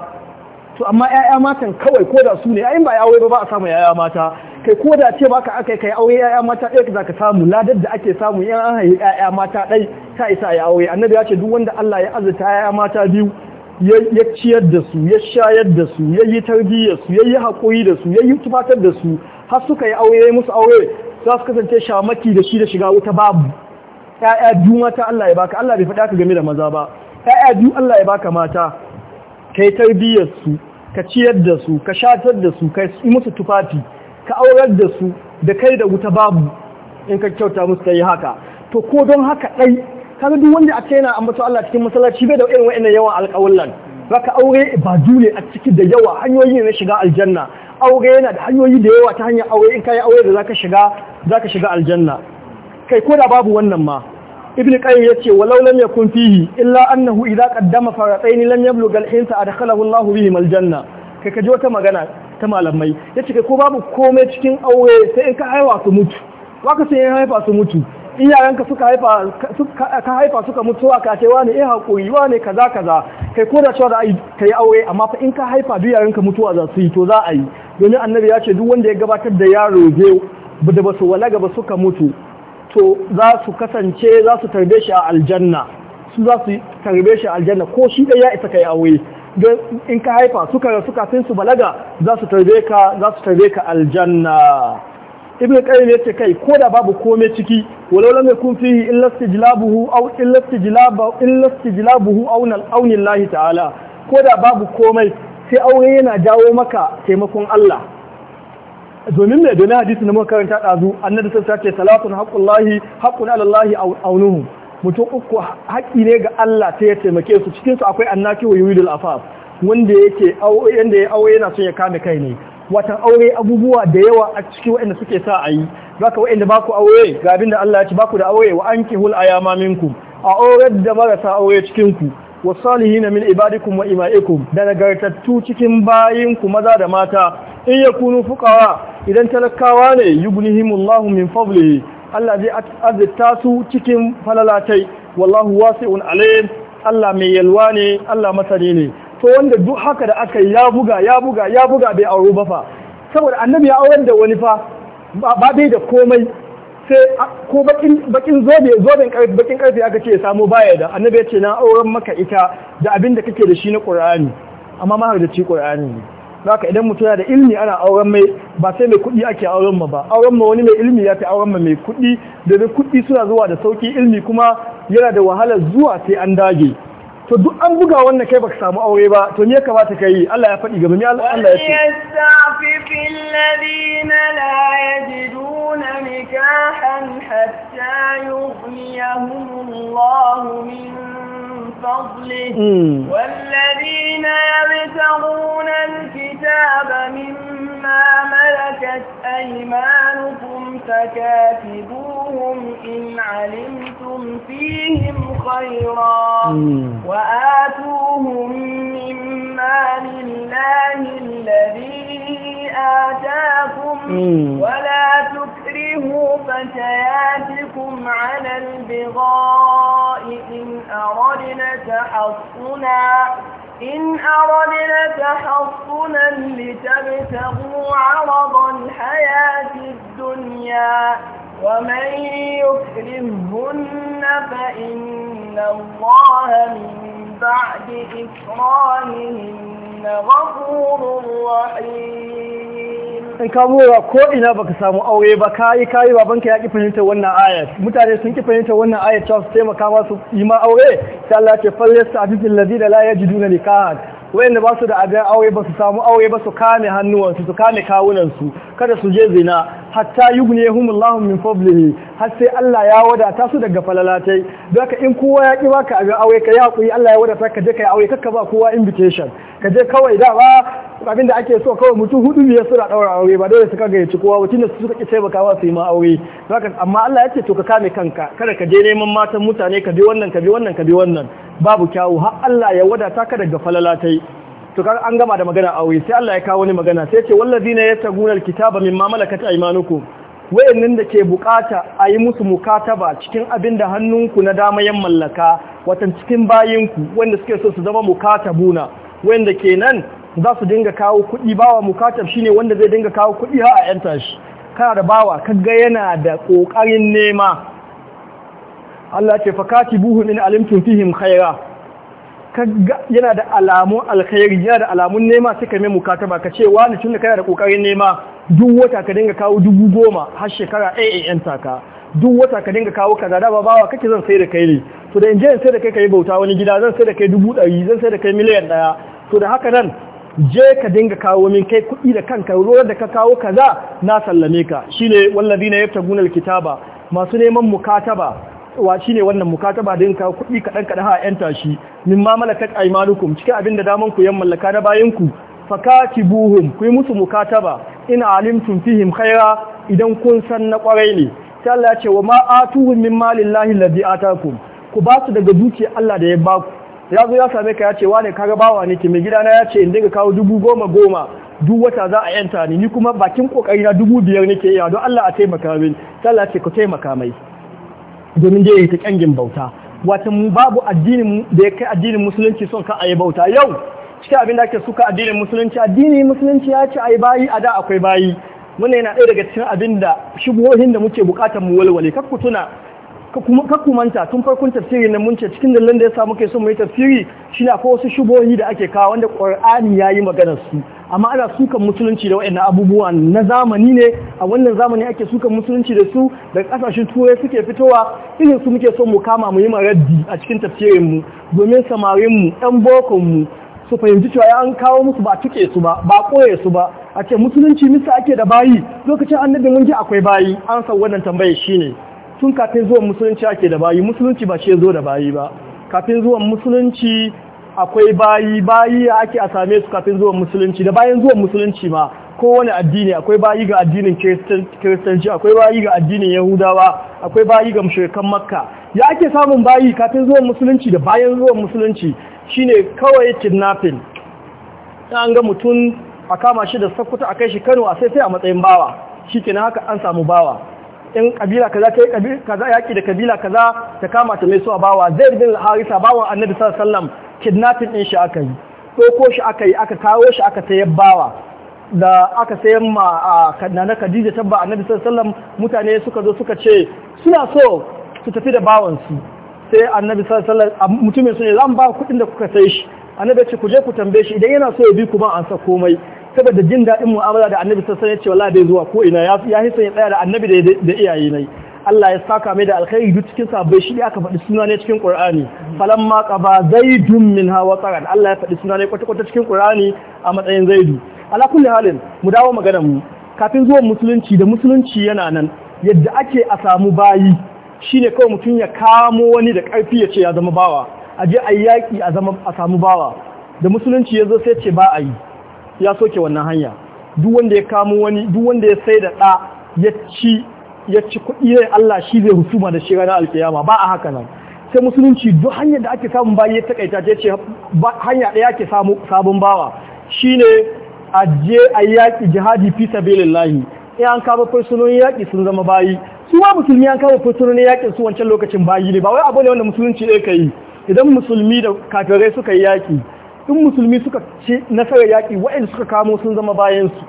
to amma yaya matan kawai ko da su ne ayin ba aure ba ba a samu yaya mata kai ko da ce baka aka kai aure yaya mata ɗaya za ka samu ladar da ake samu yan an haihi yaya mata ɗai ta isa ya aure annabi ya ce duk wanda Allah ya azurta yaya mata biyu ya ciyar da su ya shayar da su ya yi tarbiyyar su ya yi haƙuri da su ya yi tufatar da su har suka yi aure ya musu aure za su kasance shamaki da shi da shiga wuta babu ya'ya biyu mata Allah ya baka Allah bai faɗa ka game da maza ba ya'ya biyu Allah ya baka mata ka yi tarbiyyar su ka ciyar da su ka shatar da su ka yi musu tufafi ka aurar da su da kai da wuta babu in ka kyauta musu ka yi haka to ko don haka ɗai kaga duk wanda aka yana ambato Allah cikin masallaci bai da irin wa'annan yawan alƙawullan baka aure ba dole a ciki da yawa hanyoyi ne na shiga aljanna aure yana da hanyoyi da yawa ta hanyar aure in kai aure da zaka shiga zaka shiga aljanna kai ko da babu wannan ma ibn qayyim yace walau lam yakun fihi illa annahu idza qaddama faratayn lam yablugha al-hinsa adkhalahu Allahu bihi al-janna kai kaji wata magana ta malamai yace kai ko babu komai cikin aure sai in ka haifa su mutu waka sai in haifa su mutu iyayenka suka haifa ka haifa suka mutuwa ka ce wani eh hakuri wani kaza kaza kai ko da cewa ka yi aure amma fa in ka haifa duk yayenka mutuwa za su yi to za a yi domin annabi ya ce duk wanda ya gabatar da yaro je da ba su walaga ba suka mutu to za su kasance za su tarbe shi a aljanna su za su tarbe shi a aljanna ko shi ɗaya ya isa ka yi aure don in ka haifa suka rasu kafin su balaga za za su tarbe ka aljanna ibn qayyim yace kai ko da babu komai ciki walau lam yakun fihi illa istijlabuhu aw illa istijlabu illa istijlabuhu aw nal ta'ala ko da babu komai sai aure yana jawo maka taimakon Allah domin mai domin hadisi na makaranta dazu annabi sassa ce salatun ala Allah aw aunuhu mutum uku haƙi ne ga Allah ta ya taimake su cikin su akwai annaki wa yuridul afaf wanda yake yanda ya aure yana son ya kame kai ne watan aure abubuwa da yawa a cikin waɗanda suke sa a yi Za ka waɗanda ba ku aure ga abin da Allah ya ci ba ku da aure wa an kihul ayama minku. a aurar da marasa aure cikin ku wa salihin min ibadikum wa ima'ikum da nagartattu cikin bayinku maza da mata in kunu fuqara idan talakawa ne yughnihimullahu min fadlihi Allah zai azurta su cikin falalatai wallahu wasi'un alim Allah mai yalwa ne Allah masani ne to wanda duk haka da aka yi ya buga ya buga ya buga bai auro ba fa saboda annabi ya auren da wani fa ba bai da komai sai ko bakin zobe zoben karfi bakin karfi aka ce ya samu baya da annabi ya ce na auren maka ita da abin da kake da shi na qur'ani amma ma da ci qur'ani ne haka idan mutum da ilimi ana auren mai ba sai mai kuɗi ake auren ma ba auren ma wani mai ilimi ya fi auren ma mai kuɗi domin kuɗi suna zuwa da sauki ilimi kuma yana da wahala zuwa sai an dage to duk an buga wannan kai baka samu aure ba to me ya kamata ka yi Allah ya faɗi gaba me Allah ya ce yastafifi alladhina la yajiduna nikahan hatta yughniyahumullahu min فضله والذين يبتغون alkitaba min مَا ملكت أيمانكم فكاتبوهم إن علمتم فيهم خيرا وآتوهم مما لله الذي آتاكم ولا تكرهوا فتياتكم على البغاء إن أردنا تحصنا إن أردنا تحصنا لتبتغوا عرض الحياة الدنيا ومن يكرمهن فإن الله من بعد إكرامهن غفور رحيم in ka mora ko ina baka samu aure ba kayi kayi babanka ya ki fahimtar wannan ayat mutane sun ki fahimtar wannan ayat cewa su taimaka ma su yi ma aure sai Allah ya ce falyasta afifil ladina la yajiduna nikahan wayanda ba su da abin aure ba su samu aure ba su kame hannuwansu su kame kawunansu kada su je zina hatta yughnihum Allah min fadlihi har sai Allah ya wadata su daga falalatai don in kowa ya ki baka abin aure ka yi hakuri Allah ya wadata ka je kai aure kakka ba kowa invitation ka je kawai da ba abinda ake so kawai mutum hudu biyar suna daura aure ba dole su ka ga yaci kowa mutum da suka ki taimaka ba su yi ma aure amma Allah ya ce to ka kame kanka kada ka je neman matan mutane ka bi wannan ka bi wannan ka bi wannan babu kyawu har Allah ya wadata ka daga falalatai to kaga an gama da magana a aure sai Allah ya kawo wani magana sai ce wallazina yataguna alkitaba mimma malakat aymanukum wayannin da ke bukata a yi musu mukataba cikin abin da hannunku na dama yan mallaka watan cikin bayinku wanda suke so su zama mukatabuna wayanda kenan za su dinga kawo kuɗi bawa mukatab shine wanda zai dinga kawo kuɗi har a yanta shi kana da bawa kaga yana da kokarin nema Allah ce fakatibuhu min alimtum fihim khaira yana da alamun alkhairi yana da alamun nema sai ka mai mukataba ka ce wani tun da kana da kokarin nema duk wata ka dinga kawo dubu goma har shekara AAN taka duk wata ka dinga kawo kaza da babawa kake zan sai da kai ne to da in sai da kai kai bauta wani gida zan sai da kai dubu ɗari zan sai da kai miliyan ɗaya to da haka nan je ka dinga kawo min kai kuɗi da kanka ruwa da ka kawo kaza na sallame ka shine wallazina yaftabuna alkitaba masu neman mukataba wa ne wannan mukataba din ka kuɗi kaɗan kaɗan ha yan tashi min ma malakat aymanukum cikin abin da daman ku yan mallaka na bayan ku fakatibuhum ku yi musu mukataba ina alimtum fihim khaira idan kun san na kwarai ne sai Allah ya ce wa ma atuhum min malillahi alladhi atakum ku ba su daga dukiyar Allah da ya ba ku ya zo ya same ka ya ce wane kaga bawa ne ke mai gidana ya ce in dinga kawo dubu goma goma duk wata za a yanta ni ni kuma bakin kokari na dubu biyar nake iya don Allah a taimaka min sai Allah ya ce ku taimaka mai domin dai ya ta kyangin bauta wata mu babu addinin da ya kai addinin musulunci son ka a yi bauta yau cikin abin da ake suka addinin musulunci addinin musulunci ya ce yi bayi a da akwai bayi ne yana ɗaya daga cikin abin da shubuhohin da muke bukatar mu walwale kar ku tuna manta tun farkon tafsiri na munce cikin dalilan da ya samu kai son mai tafsiri shi ne ko wasu shubohi da ake kawo wanda ƙwar'ani ya yi maganar su amma ana sukan musulunci da waɗannan abubuwa na zamani ne a wannan zamani ake sukan musulunci da su da ƙasashen turai suke fitowa irin su muke son mu kama mu yi maraddi a cikin tafsirin mu domin samarin mu ɗan bokon mu su fahimci cewa an kawo musu ba tuke su ba ba koye su ba a ce musulunci misa ake da bayi lokacin annabi mun ji akwai bayi an san wannan tambayar shine tun kafin zuwan musulunci ake da bayi musulunci ba ce zo da bayi ba kafin zuwan musulunci akwai bayi bayi ake a same su kafin zuwan musulunci da bayan zuwan musulunci ma kowane addini akwai bayi ga addinin kiristanci akwai bayi ga addinin yahudawa akwai bayi ga mashirkan makka ya ake samun bayi kafin zuwan musulunci da bayan zuwan musulunci shine kawai kidnapping ta an ga mutum a kama shi da sakuta a kai shi kano a sai sai a matsayin bawa shi na haka an samu bawa in kabila kaza ta yi kaza yaki da kabila kaza ta kama ta mai suwa bawa zai bin harisa bawan annabi sallallahu alaihi wasallam kidnapping din shi aka yi ɗauko shi aka yi aka kawo shi aka sayar bawa da aka sayar ma a nana Khadija tabba annabi sallallahu mutane suka zo suka ce suna so su tafi da bawansu sai annabi sallallahu alaihi wasallam mutumin su ne zan ba kuɗin da kuka sai shi annabi ce ku je ku tambaye shi idan yana so ya bi ku ba an sa komai saboda jin daɗin mu'amala da annabi sassan ya ce wallahi bai zuwa ko ina ya hisa ya tsaya da annabi da iyaye nai Allah ya saka mai da alkhairi duk cikin sabai shi aka faɗi suna ne cikin Qur'ani falamma qaba zaidun min hawa tsaran Allah ya faɗi suna ne kwata-kwata cikin Qur'ani a matsayin zaidu ala kulli halin mu dawo maganar mu kafin zuwan musulunci da musulunci yana nan yadda ake a samu bayi shine kawai mutum ya kamo wani da ƙarfi ya ce ya zama bawa a je a yaƙi a samu bawa da musulunci ya zo sai ce ba a yi ya soke wannan hanya duk wanda ya kamo wani duk wanda ya sai da ɗa ya ci ya ci kuɗi ne Allah shi zai husuma da shi ranar alkiyama ba a haka nan sai musulunci duk hanyar da ake samun bayi ya takaita ta ce hanya ɗaya ake samu sabon bawa shine a je a yaƙi jihadi fi sabilillahi in an kama fursunan yaƙi sun zama bayi su ba musulmi an kama fursunan yaƙin su wancan lokacin bayi ne ba wai abu ne wanda musulunci ɗaya ka yi idan musulmi da kafirai suka yi yaƙi in musulmi suka ci nasarar yaƙi waɗanda suka kamo sun zama bayansu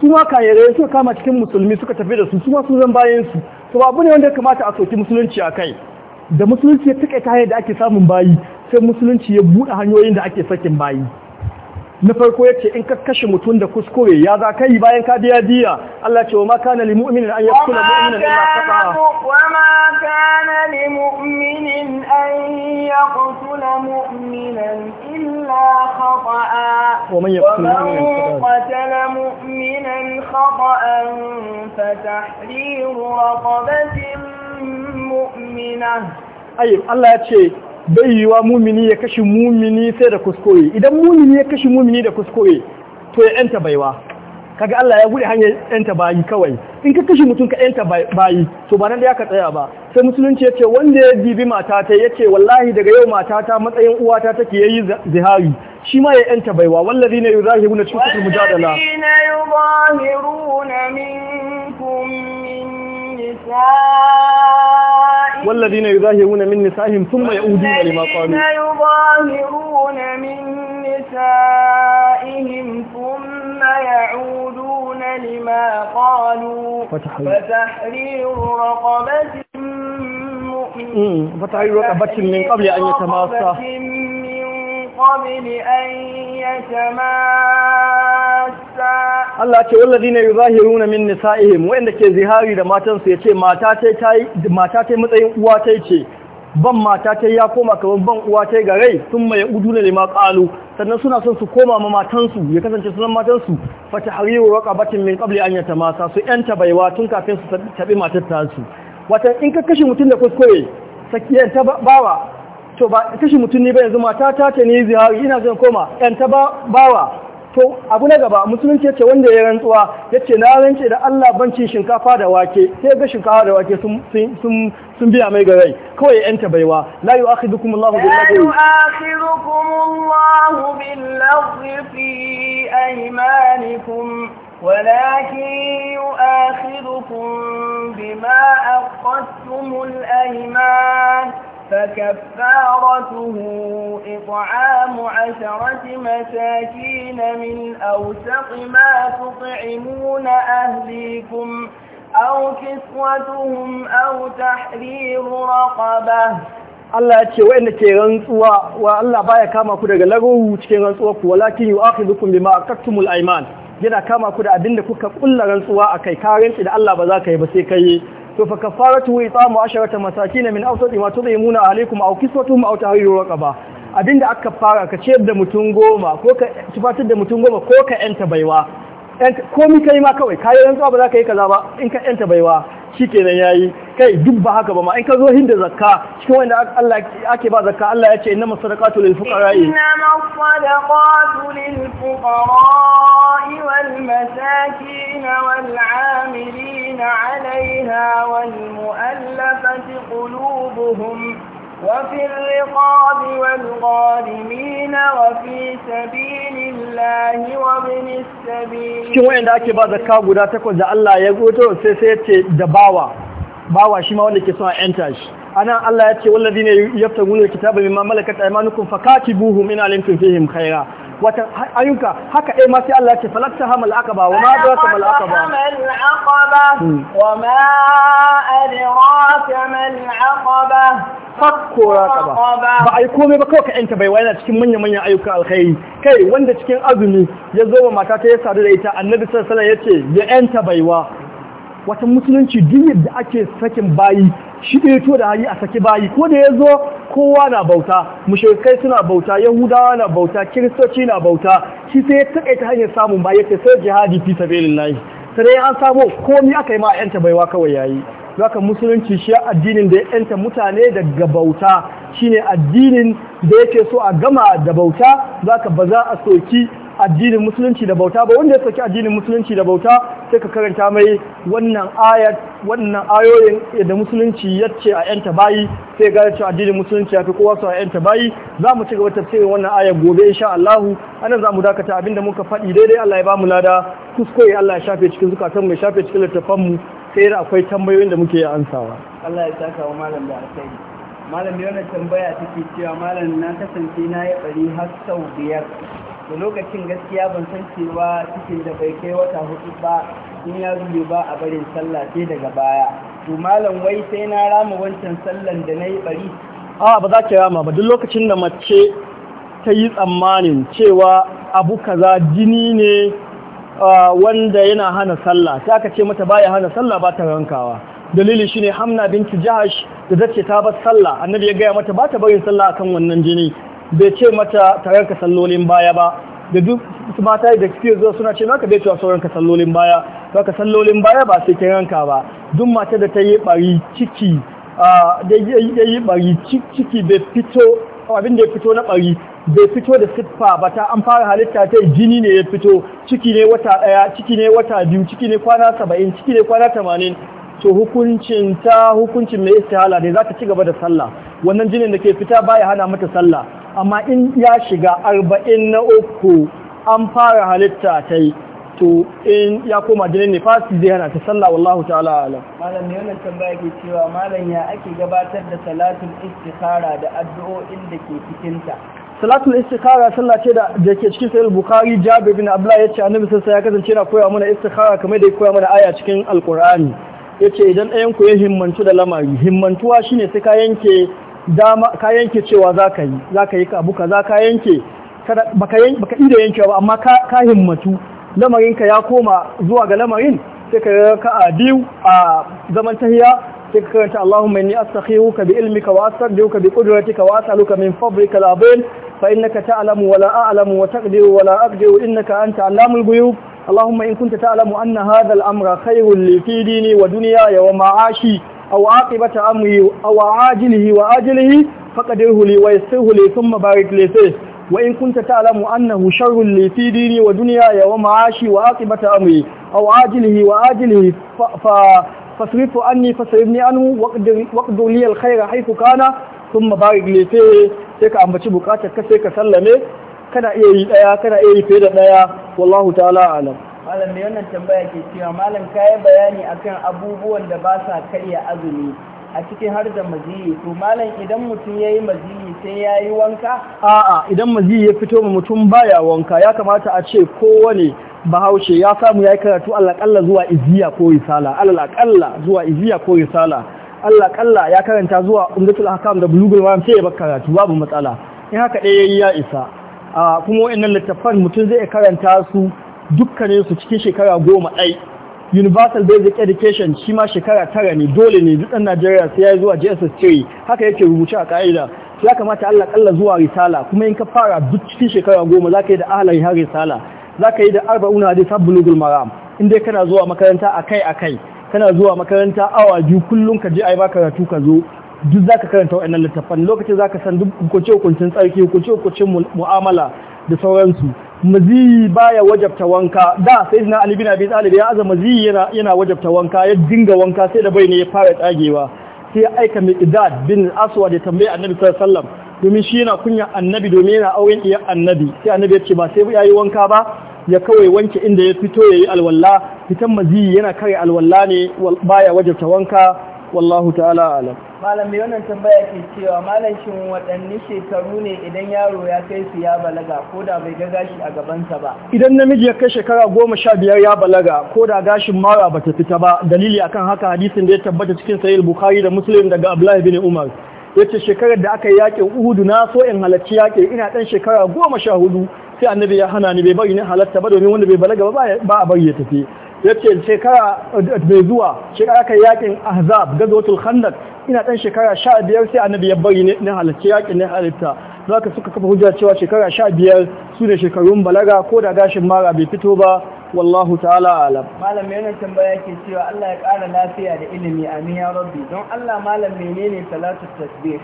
su ma kayarai suka kama cikin musulmi suka tafi da su su ma sun zama bayansu to abu ne wanda ya kamata a sauki musulunci a kai da musulunci ya ta taƙaita da ake samun bayi sai musulunci ya buɗe hanyoyin da ake sakin bayi na farko yace in ka kashe mutum da kuskure ya za kai bayan ka biya diya Allah ce wa ma kana lil mu'minin an yaqtula mu'minan illa khata'a wa ma kana lil mu'minin an yaqtula mu'minan illa khata'a wa man yaqtula mu'minan khata'an fatahriru raqabatin mu'minah ayyib Allah ya ce bai yiwa mumini ya kashi mumini sai da kuskure idan mumini ya kashi mumini da kuskure to ya yanta baiwa kaga Allah ya bude hanyar yanta bayi kawai in ka kashi mutum ka yanta bayi to ba nan da ya ka tsaya ba sai musulunci ya ce wanda ya zibi mata ta yace wallahi daga yau mata ta matsayin uwa ta take yayi zihari shi ma ya yanta baiwa wallazina yuzahiruna yi mujadala wallazina yuzahiruna min والذين يظاهرون من نسائهم ثم يؤذون لما قالوا والذين يظاهرون من نسائهم ثم يعودون لما قالوا فتحرير رقبة مؤمن فتحرير رقبة من قبل أن يتماسى قبل أن يتماسا Allah ce walladina yuzahiruna min nisa'ihim wanda ke zihari da matansu yace mata tai tai mata matsayin uwa ce ban mata ya koma kaman ban uwa tai ga rai sun mai uduna ma qalu sannan suna son su koma ma matansu ya kasance sunan matansu fatahriru raqabatin min qabli an yatamasa su yanta baiwa tun kafin su tabi matar ta su wata in ka kashe mutum da kuskure sakiyar ta bawa to ba kashi mutum ne ba yanzu mata ta ta ne zihari ina zan koma yan ta bawa to abu na gaba musulunci yace wanda ya rantsuwa yace na rance da Allah ban shinkafa da wake sai ga shinkafa da wake sun biya mai ga kawai 'yanta ta baiwa la yu'akhidukum Allahu bil lagwi la yu'akhidukum Allahu bil lagwi fi aymanikum ولكن يؤاخذكم بما أخذتم الأيمان فكفارته إطعام عشرة مساكين من أوسق ما تطعمون أهليكم أو كسوتهم أو تحرير رقبة Allah ya ce wa'inda ke rantsuwa wa Allah baya kama ku daga lagawu cikin rantsuwa ku walakin yu'akhidhukum bima aqattumul ayman yana kama ku da abinda kuka kulla rantsuwa akai kai rantsi da Allah ba za ka yi ba sai kai to fa kafaratu itamu asharata masakin min awsati ma tudimuna alaikum aw kiswatuhum aw tahriru raqaba abinda aka fara ka ciyar da mutum goma ko ka tufatar da mutum goma ko ka yanta baiwa komi kai ma kawai kayan rantsuwa ba za ka yi kaza ba in ka yanta baiwa shikenan yayi kai duk ba haka ba ma in ka zo hinda zakka cikin wanda Allah ake ba zakka Allah ya ce innamas sadaqatu lil fuqara innamas sadaqatu lil fuqara wal masakin wal amilin 'alayha wal mu'allafati qulubuhum وفي الرقاب والغارمين وفي سبيل الله وابن السبيل cikin wayanda ake ba zakka guda takwas da Allah ya goto sai sai ce dabawa bawa shi ma wanda ke son a yanta shi ana Allah ya ce wallazi ne yafta gulul kitaba mimma malakat aymanukum fakatibuhum in alimtum fihim khaira wata ayyuka haka dai ma sai Allah ya ce falakta hamal aqaba wa ma adraka mal aqaba hmm. wa ma adraka mal aqaba fakku raqaba ba ai komai ba kawai ka yanta bai wai yana cikin manyan manyan ayyuka alkhairi kai wanda cikin azumi ya zo wa mata ta ya sadu da ita annabi sallallahu alaihi wasallam ya ce ya yanta baiwa wata musulunci duk yadda ake sakin bayi shi da ya to da hali a sake bayi ko da ya zo kowa na bauta mushekai suna bauta yahudawa na bauta kiristoci na bauta shi sai ya ta hanyar samun bayi ta sai jihadi fi layi sai an samo komi aka yi ma yanta baiwa kawai yayi zaka musulunci shi addinin da ya yanta mutane daga bauta shine addinin da yake so a gama da bauta zaka ba za a soki addinin musulunci da bauta ba wanda ya saki addinin musulunci da bauta sai ka karanta mai wannan ayat wannan ayoyin da musulunci yace a yanta bayi sai ga cewa addinin musulunci ya fi kowa su a yanta bayi za mu ci gaba tafsirin wannan ayat gobe insha Allah anan za mu dakata abinda muka faɗi daidai Allah ya ba mu lada kuskure Allah ya shafe cikin zukatan mu ya shafe cikin littafan mu sai da akwai tambayoyin da muke ansawa Allah ya saka wa malam da alkhairi malam yana wannan tambaya take cewa malam na kasance na yi bari har sau biyar da lokacin gaskiya ban san cewa cikin da bai kai wata hudu ba in ya zube ba a barin sallah sai daga baya to malam wai sai na rama wancan sallan da na yi bari a ba za ki rama ba duk lokacin da mace ta yi tsammanin cewa abu kaza jini ne wanda yana hana sallah ta aka ce mata baya hana sallah ba ta rankawa dalili shine hamna binti jahash da zace ta bar sallah annabi ya gaya mata ba ta barin sallah akan wannan jini bai ce mata tarar ka sallolin baya ba da duk su mata da suke zuwa suna ce maka bai cewa sauran ka sallolin baya to ka sallolin baya ba sai ranka ba duk mata da ta yi bari ciki da ya yi bari ciki bai fito abin da ya fito na bari bai fito da siffa ba ta an fara halitta ta jini ne ya fito ciki ne wata daya ciki ne wata biyu ciki ne kwana saba'in ciki ne kwana tamanin to hukuncin ta hukuncin mai istihala ne za ta ci gaba da sallah wannan jinin da ke fita baya hana mata sallah amma in ya shiga arba'in na uku an fara halitta ta yi to in ya koma ne, Fasi zai hana ta sallah wallahu ta'ala alam malam ne wannan tambaya ke cewa malam ya ake gabatar da salatul istikhara da addu'o'in da ke cikin ta salatul istikhara ce da da ke cikin sahih bukhari jabir bin abdullah yace annabi sallallahu ya kasance na koya mana istikhara kamar da ya koya mana aya cikin alqur'ani yace idan ɗayan ku ya himmantu da lamari himmantuwa shine sai ka yanke dama ka yanke cewa za ka yi za ka yi abu ka za ka yanke ba ka ida yankewa ba amma ka himmatu lamarinka ya koma zuwa ga lamarin sai ka raka a biyu a zaman tahiya sai ka karanta Allahumma inni astakhiruka bi ilmika wa astaghfiruka bi qudratika wa as'aluka min fadlika al-azim fa innaka ta'lamu wa la a'lamu wa taqdiru wa la aqdiru innaka anta 'allamul ghuyub Allahumma in kunta ta'lamu anna hadha al-amra khayrun li fi dini wa dunyaya wa ma'ashi aw aqibata amri aw ajilihi wa ajilihi faqadirhu li wa yassirhu li thumma barik li fi wa in kunta ta'lamu annahu sharrun li fi dini wa dunyaya wa ma'ashi wa aqibata amri aw ajilihi wa ajilihi fa fasrifu anni fasrifni anhu waqdir waqdur li alkhayra haythu kana thumma barik li fi sai ka ambaci bukatar ka sai ka sallame kana iya yi daya kana iya yi fiye da daya wallahu ta'ala alam malam mai wannan tambaya ke cewa malam kayan bayani akan abubuwan da ba sa karya azumi a cikin har da maziyi to malam idan mutum ya yi maziyi sai ya yi wanka a'a idan maziyi ya fito ma mutum baya wanka ya kamata a ce kowane bahaushe ya samu ya yi karatu alaƙalla zuwa iziya ko risala alaƙalla zuwa iziya ko risala alaƙalla ya karanta zuwa umdatul hakam da bulugul ma sai ya bar karatu babu matsala in haka ɗaya ya isa a kuma wa'annan littattafan mutum zai karanta su dukkanin cikin shekara goma ɗai universal basic education shi ma shekara tara ne dole ne duk ɗan najeriya sai ya zuwa jss 3 haka yake rubuce a ƙa'ida ya kamata allah ƙalla zuwa risala kuma in ka fara duk cikin shekara goma za ka yi da ahalari har risala za ka yi da arba'una sabu bulugul maram in dai kana zuwa makaranta a kai-a akai akai kana zuwa makaranta awa biyu kullum ka je yi ba karatu ka zo duk za ka karanta wa'annan littattafan lokacin ka san duk hukunce hukuncin tsarki hukunce hukuncin mu'amala da sauransu maziyi baya wajabta wanka da sai na Ali bin Abi Talib ya azama maziyi yana wajabta wanka ya dinga wanka sai da bai ne ya fara tsagewa sai aika Miqdad bin Aswad ya tambaye Annabi sallallahu alaihi wasallam domin shi yana kunya Annabi domin yana auren iya Annabi sai Annabi ya ce ba sai ya yi wanka ba ya kawai wanke inda ya fito ya yi alwalla fitan maziyi yana kare alwalla ne baya wajabta wanka wallahu ta'ala alam malam mai wannan tambaya ke cewa malam shin waɗanne shekaru ne idan yaro ya kai su ya balaga ko da bai ga gashi a gabansa ba idan namiji ya kai shekara goma sha biyar ya balaga ko da gashin mara ba ta fita ba dalili akan haka hadisin da ya tabbata cikin sahih bukhari da muslim daga abdullahi bin umar yace shekarar da aka yi yakin uhudu na so in halarci yakin ina dan shekara goma sha hudu sai annabi ya hana ni bai bari ni halatta ba domin wanda bai balaga ba ba a bari ya tafi yace shekara mai zuwa shekara kai yakin ahzab gazwatul khandaq ina dan shekara 15 sai annabi ya bari ne halarci yakin ne halitta zaka suka kafa hujja cewa shekara 15 su ne shekarun balaga ko da gashin mara bai fito ba wallahu ta'ala alam malam mai ne tambaya ke cewa Allah ya kara lafiya da ilimi amin ya rabbi don Allah malam menene salatu tasbih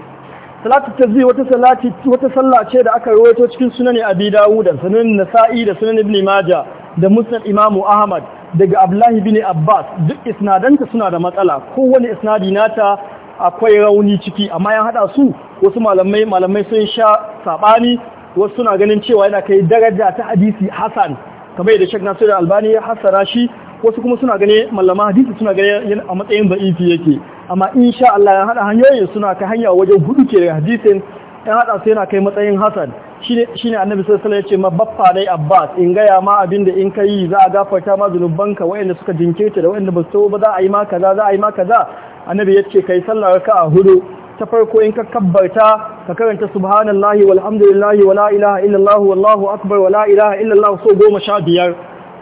salatu tazbih wata salati wata sallah ce da aka rawaito cikin sunani abi dawud da sunan nasa'i da sunan ibn majah da musnad imam ahmad daga abdullahi bin abbas duk isnadanta suna da matsala Kowanne isnadi nata akwai rauni ciki amma yan hada su wasu malamai malamai sun sha sabani wasu suna ganin cewa yana kai daraja ta hadisi hasan kamar da Sheikh Nasir Albani ya shi wasu kuma suna gane malama hadisi suna gane a matsayin ba'ifi yake amma insha Allah ya hada hanyoyin suna ka hanya wajen hudu ke daga hadisin ya hada sai yana kai matsayin Shi shine annabi sallallahu alaihi ya ce ma baffa dai abbas in gaya ma abin da in kai za a gafarta ma zunubanka wayanda suka jinkirta da wayanda ba su ba za a yi ma kaza za a yi ma kaza annabi ya ce kai sallar ka a hudu ta farko in ka kabbarta ka karanta subhanallahi walhamdulillahi wala ilaha illallah wallahu akbar wala ilaha illallah so goma sha biyar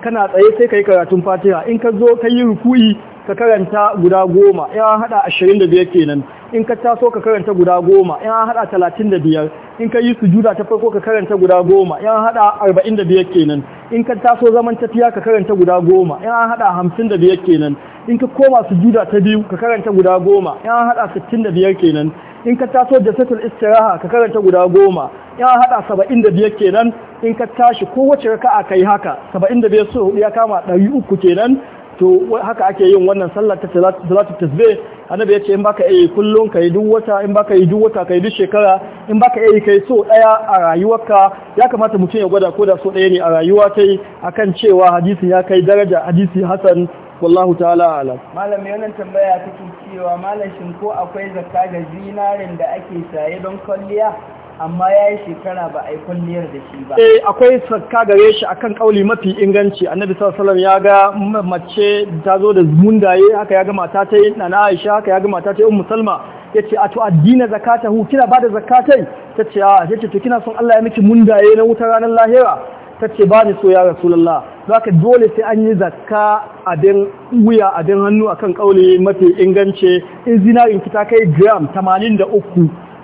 kana tsaye sai ka yi karatun fatiha in ka zo ka yi ruku'i ka karanta guda goma in an hada ashirin da biyar kenan in ka taso ka karanta guda goma in an hada talatin da biyar in ka yi sujuda ta farko ka karanta guda goma in an hada arba'in da biyar kenan in ka taso zaman tafiya ka karanta guda goma in an hada hamsin da biyar kenan in ka koma sujuda ta biyu ka karanta guda goma in an hada sittin da biyar kenan in ka taso da satul istiraha ka karanta guda goma ya hada saba'in da biyar kenan in ka tashi kowace raka'a kai haka saba'in da biyar so ya kama ɗari uku kenan to haka ake yin wannan sallar ta salatu tasbih annabi ya ce in baka yi kullum kai duk wata in baka yi duk wata kai duk shekara in baka yi kai so daya a rayuwarka ya kamata mutum ya gwada koda so daya ne a rayuwa tai akan cewa hadisi ya kai daraja hadisi hasan wallahu ta'ala alam malam me wannan tambaya take cewa malam shin ko akwai zakka ga zinarin da ake saye don kwalliya amma ya yi shekara ba a yi kwalliyar da shi ba. Eh akwai saka gare shi akan kauli mafi inganci annabi sallallahu ya ga mace ta zo da mundaye haka ya ga mata ta yi nana Aisha haka ya ga mata ta yi ummu Salma yace a to addina hu kina bada zakatai tace a yace to kina son Allah ya miki mundaye na wutar ranar lahira tace ba ni so ya rasulullah zaka dole sai an yi zakka abin wuya abin hannu akan kauli mafi inganci in zinarin ki ta kai gram 83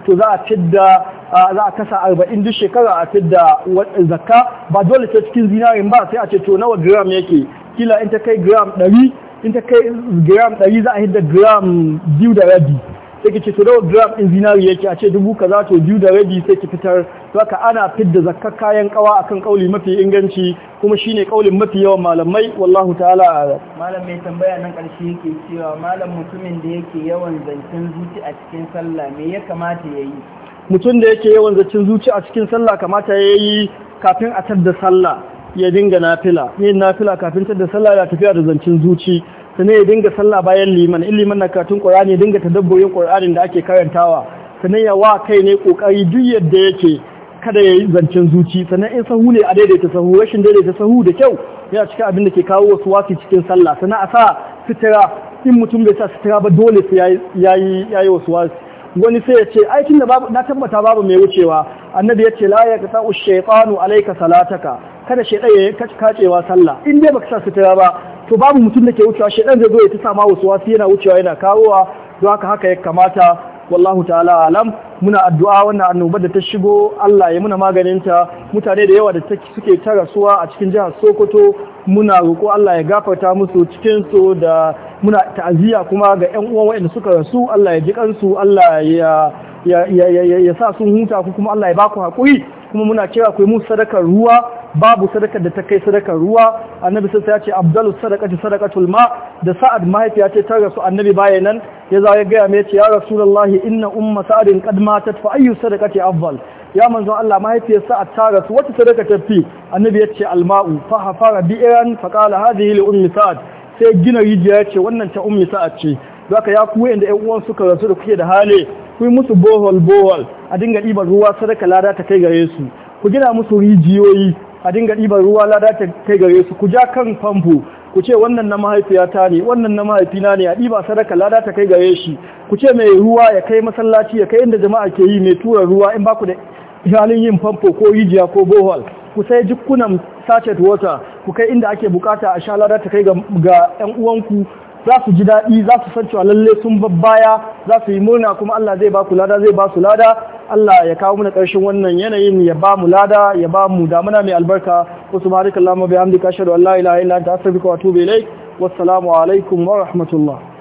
to za a fidda za a kasa arba'in duk shekara a fidda zakka ba dole ta cikin zinarin ba sai a ce to nawa gram yake kila in ta kai gram ɗari in ta kai gram 100 za a hidda gram biyu da rabi sai ki ce to nawa gram in zinari yake a ce dubu ka za to biyu da rabi sai ki fitar haka ana fidda zakka kayan kawa akan kauli mafi inganci kuma shine kaulin mafi yawan malamai wallahu ta'ala malam mai tambaya nan karshe yake cewa malam mutumin da yake yawan zancen zuci a cikin sallah me ya kamata yayi mutum da yake yawan zacin zuci a cikin sallah kamata ya yi kafin a tadda sallah ya dinga nafila yin nafila kafin tadda sallah ya tafiya da zancin zuci sannan ya dinga sallah bayan liman in liman na karatun qur'ani ya dinga dabbobin qur'anin da ake karantawa sannan ya wa kai ne kokari duk yadda yake kada ya yi zancen zuci sannan in sahu ne a daidaita sahu rashin daidaita sahu da kyau yana cikin abin da ke kawo wasu wasu cikin sallah sannan a sa sitira in mutum bai sa sitira ba dole sai ya yi wasu wasu wani sai ya ce ai da na tabbata babu mai wucewa annabi ya ce la ya qata ash-shaytanu alayka salataka kada shaytan ya kacewa sallah in dai baka sa sutura ba to babu mutum da ke wucewa shaytan zai zo ya ta sama wasu wasu yana wucewa yana kawowa don haka haka ya kamata wallahu ta'ala alam muna addu'a wannan annoba da ta shigo Allah ya muna maganin ta mutane da yawa da suke ta rasuwa a cikin jihar Sokoto muna roƙo Allah ya gafarta musu cikin su da muna ta'aziyya kuma ga ƴan uwan waɗanda suka rasu Allah ya ji kansu Allah ya sa sun huta ku kuma Allah ya baku haƙuri kuma muna cewa ku yi mu sadakar ruwa babu sadakar da ta kai sadakar ruwa annabi sai ya ce abdalus sadaqati sadaqatul ma da sa'ad ya ce ta rasu annabi baya nan ya za ya gaya mai ce ya rasulullahi inna umma sa'adin qad matat fa ayyu sadaqati afdal ya manzon Allah mahaifiyar sa'ad ta rasu wata sadaka ta fi annabi ya ce alma'u fa hafara bi'ran fa qala hadhihi li ummi sa'ad sai gina rijiya ce wannan ta ummi sa'a ce zaka ya ku inda ƴan uwan suka rasu da kuke da hali ku musu bohol bohol a dinga ɗiban ruwa sadaka lada ta kai gare su ku gina musu rijiyoyi a dinga ɗiban ruwa lada ta kai gare su ku ja kan famfo ku ce wannan na mahaifiyata ne wannan na mahaifina ne a ɗiba sadaka lada ta kai gare shi ku ce mai ruwa ya kai masallaci ya kai inda jama'a ke yi mai tura ruwa in ba ku da halin yin famfo ko rijiya ko bohol ku sai jikunan sachet water ku kai inda ake bukata a sha ladar ta kai ga 'yan uwanku za su ji daɗi za su san cewa lalle sun babbaya za su yi murna kuma Allah zai ba ku lada zai ba su lada Allah ya kawo mana ƙarshen wannan yanayin ya ba mu lada ya ba mu damuna mai albarka wa subhanakallahumma bihamdika ashhadu an la ilaha illa anta astaghfiruka wa atubu ilaik wassalamu alaikum wa rahmatullah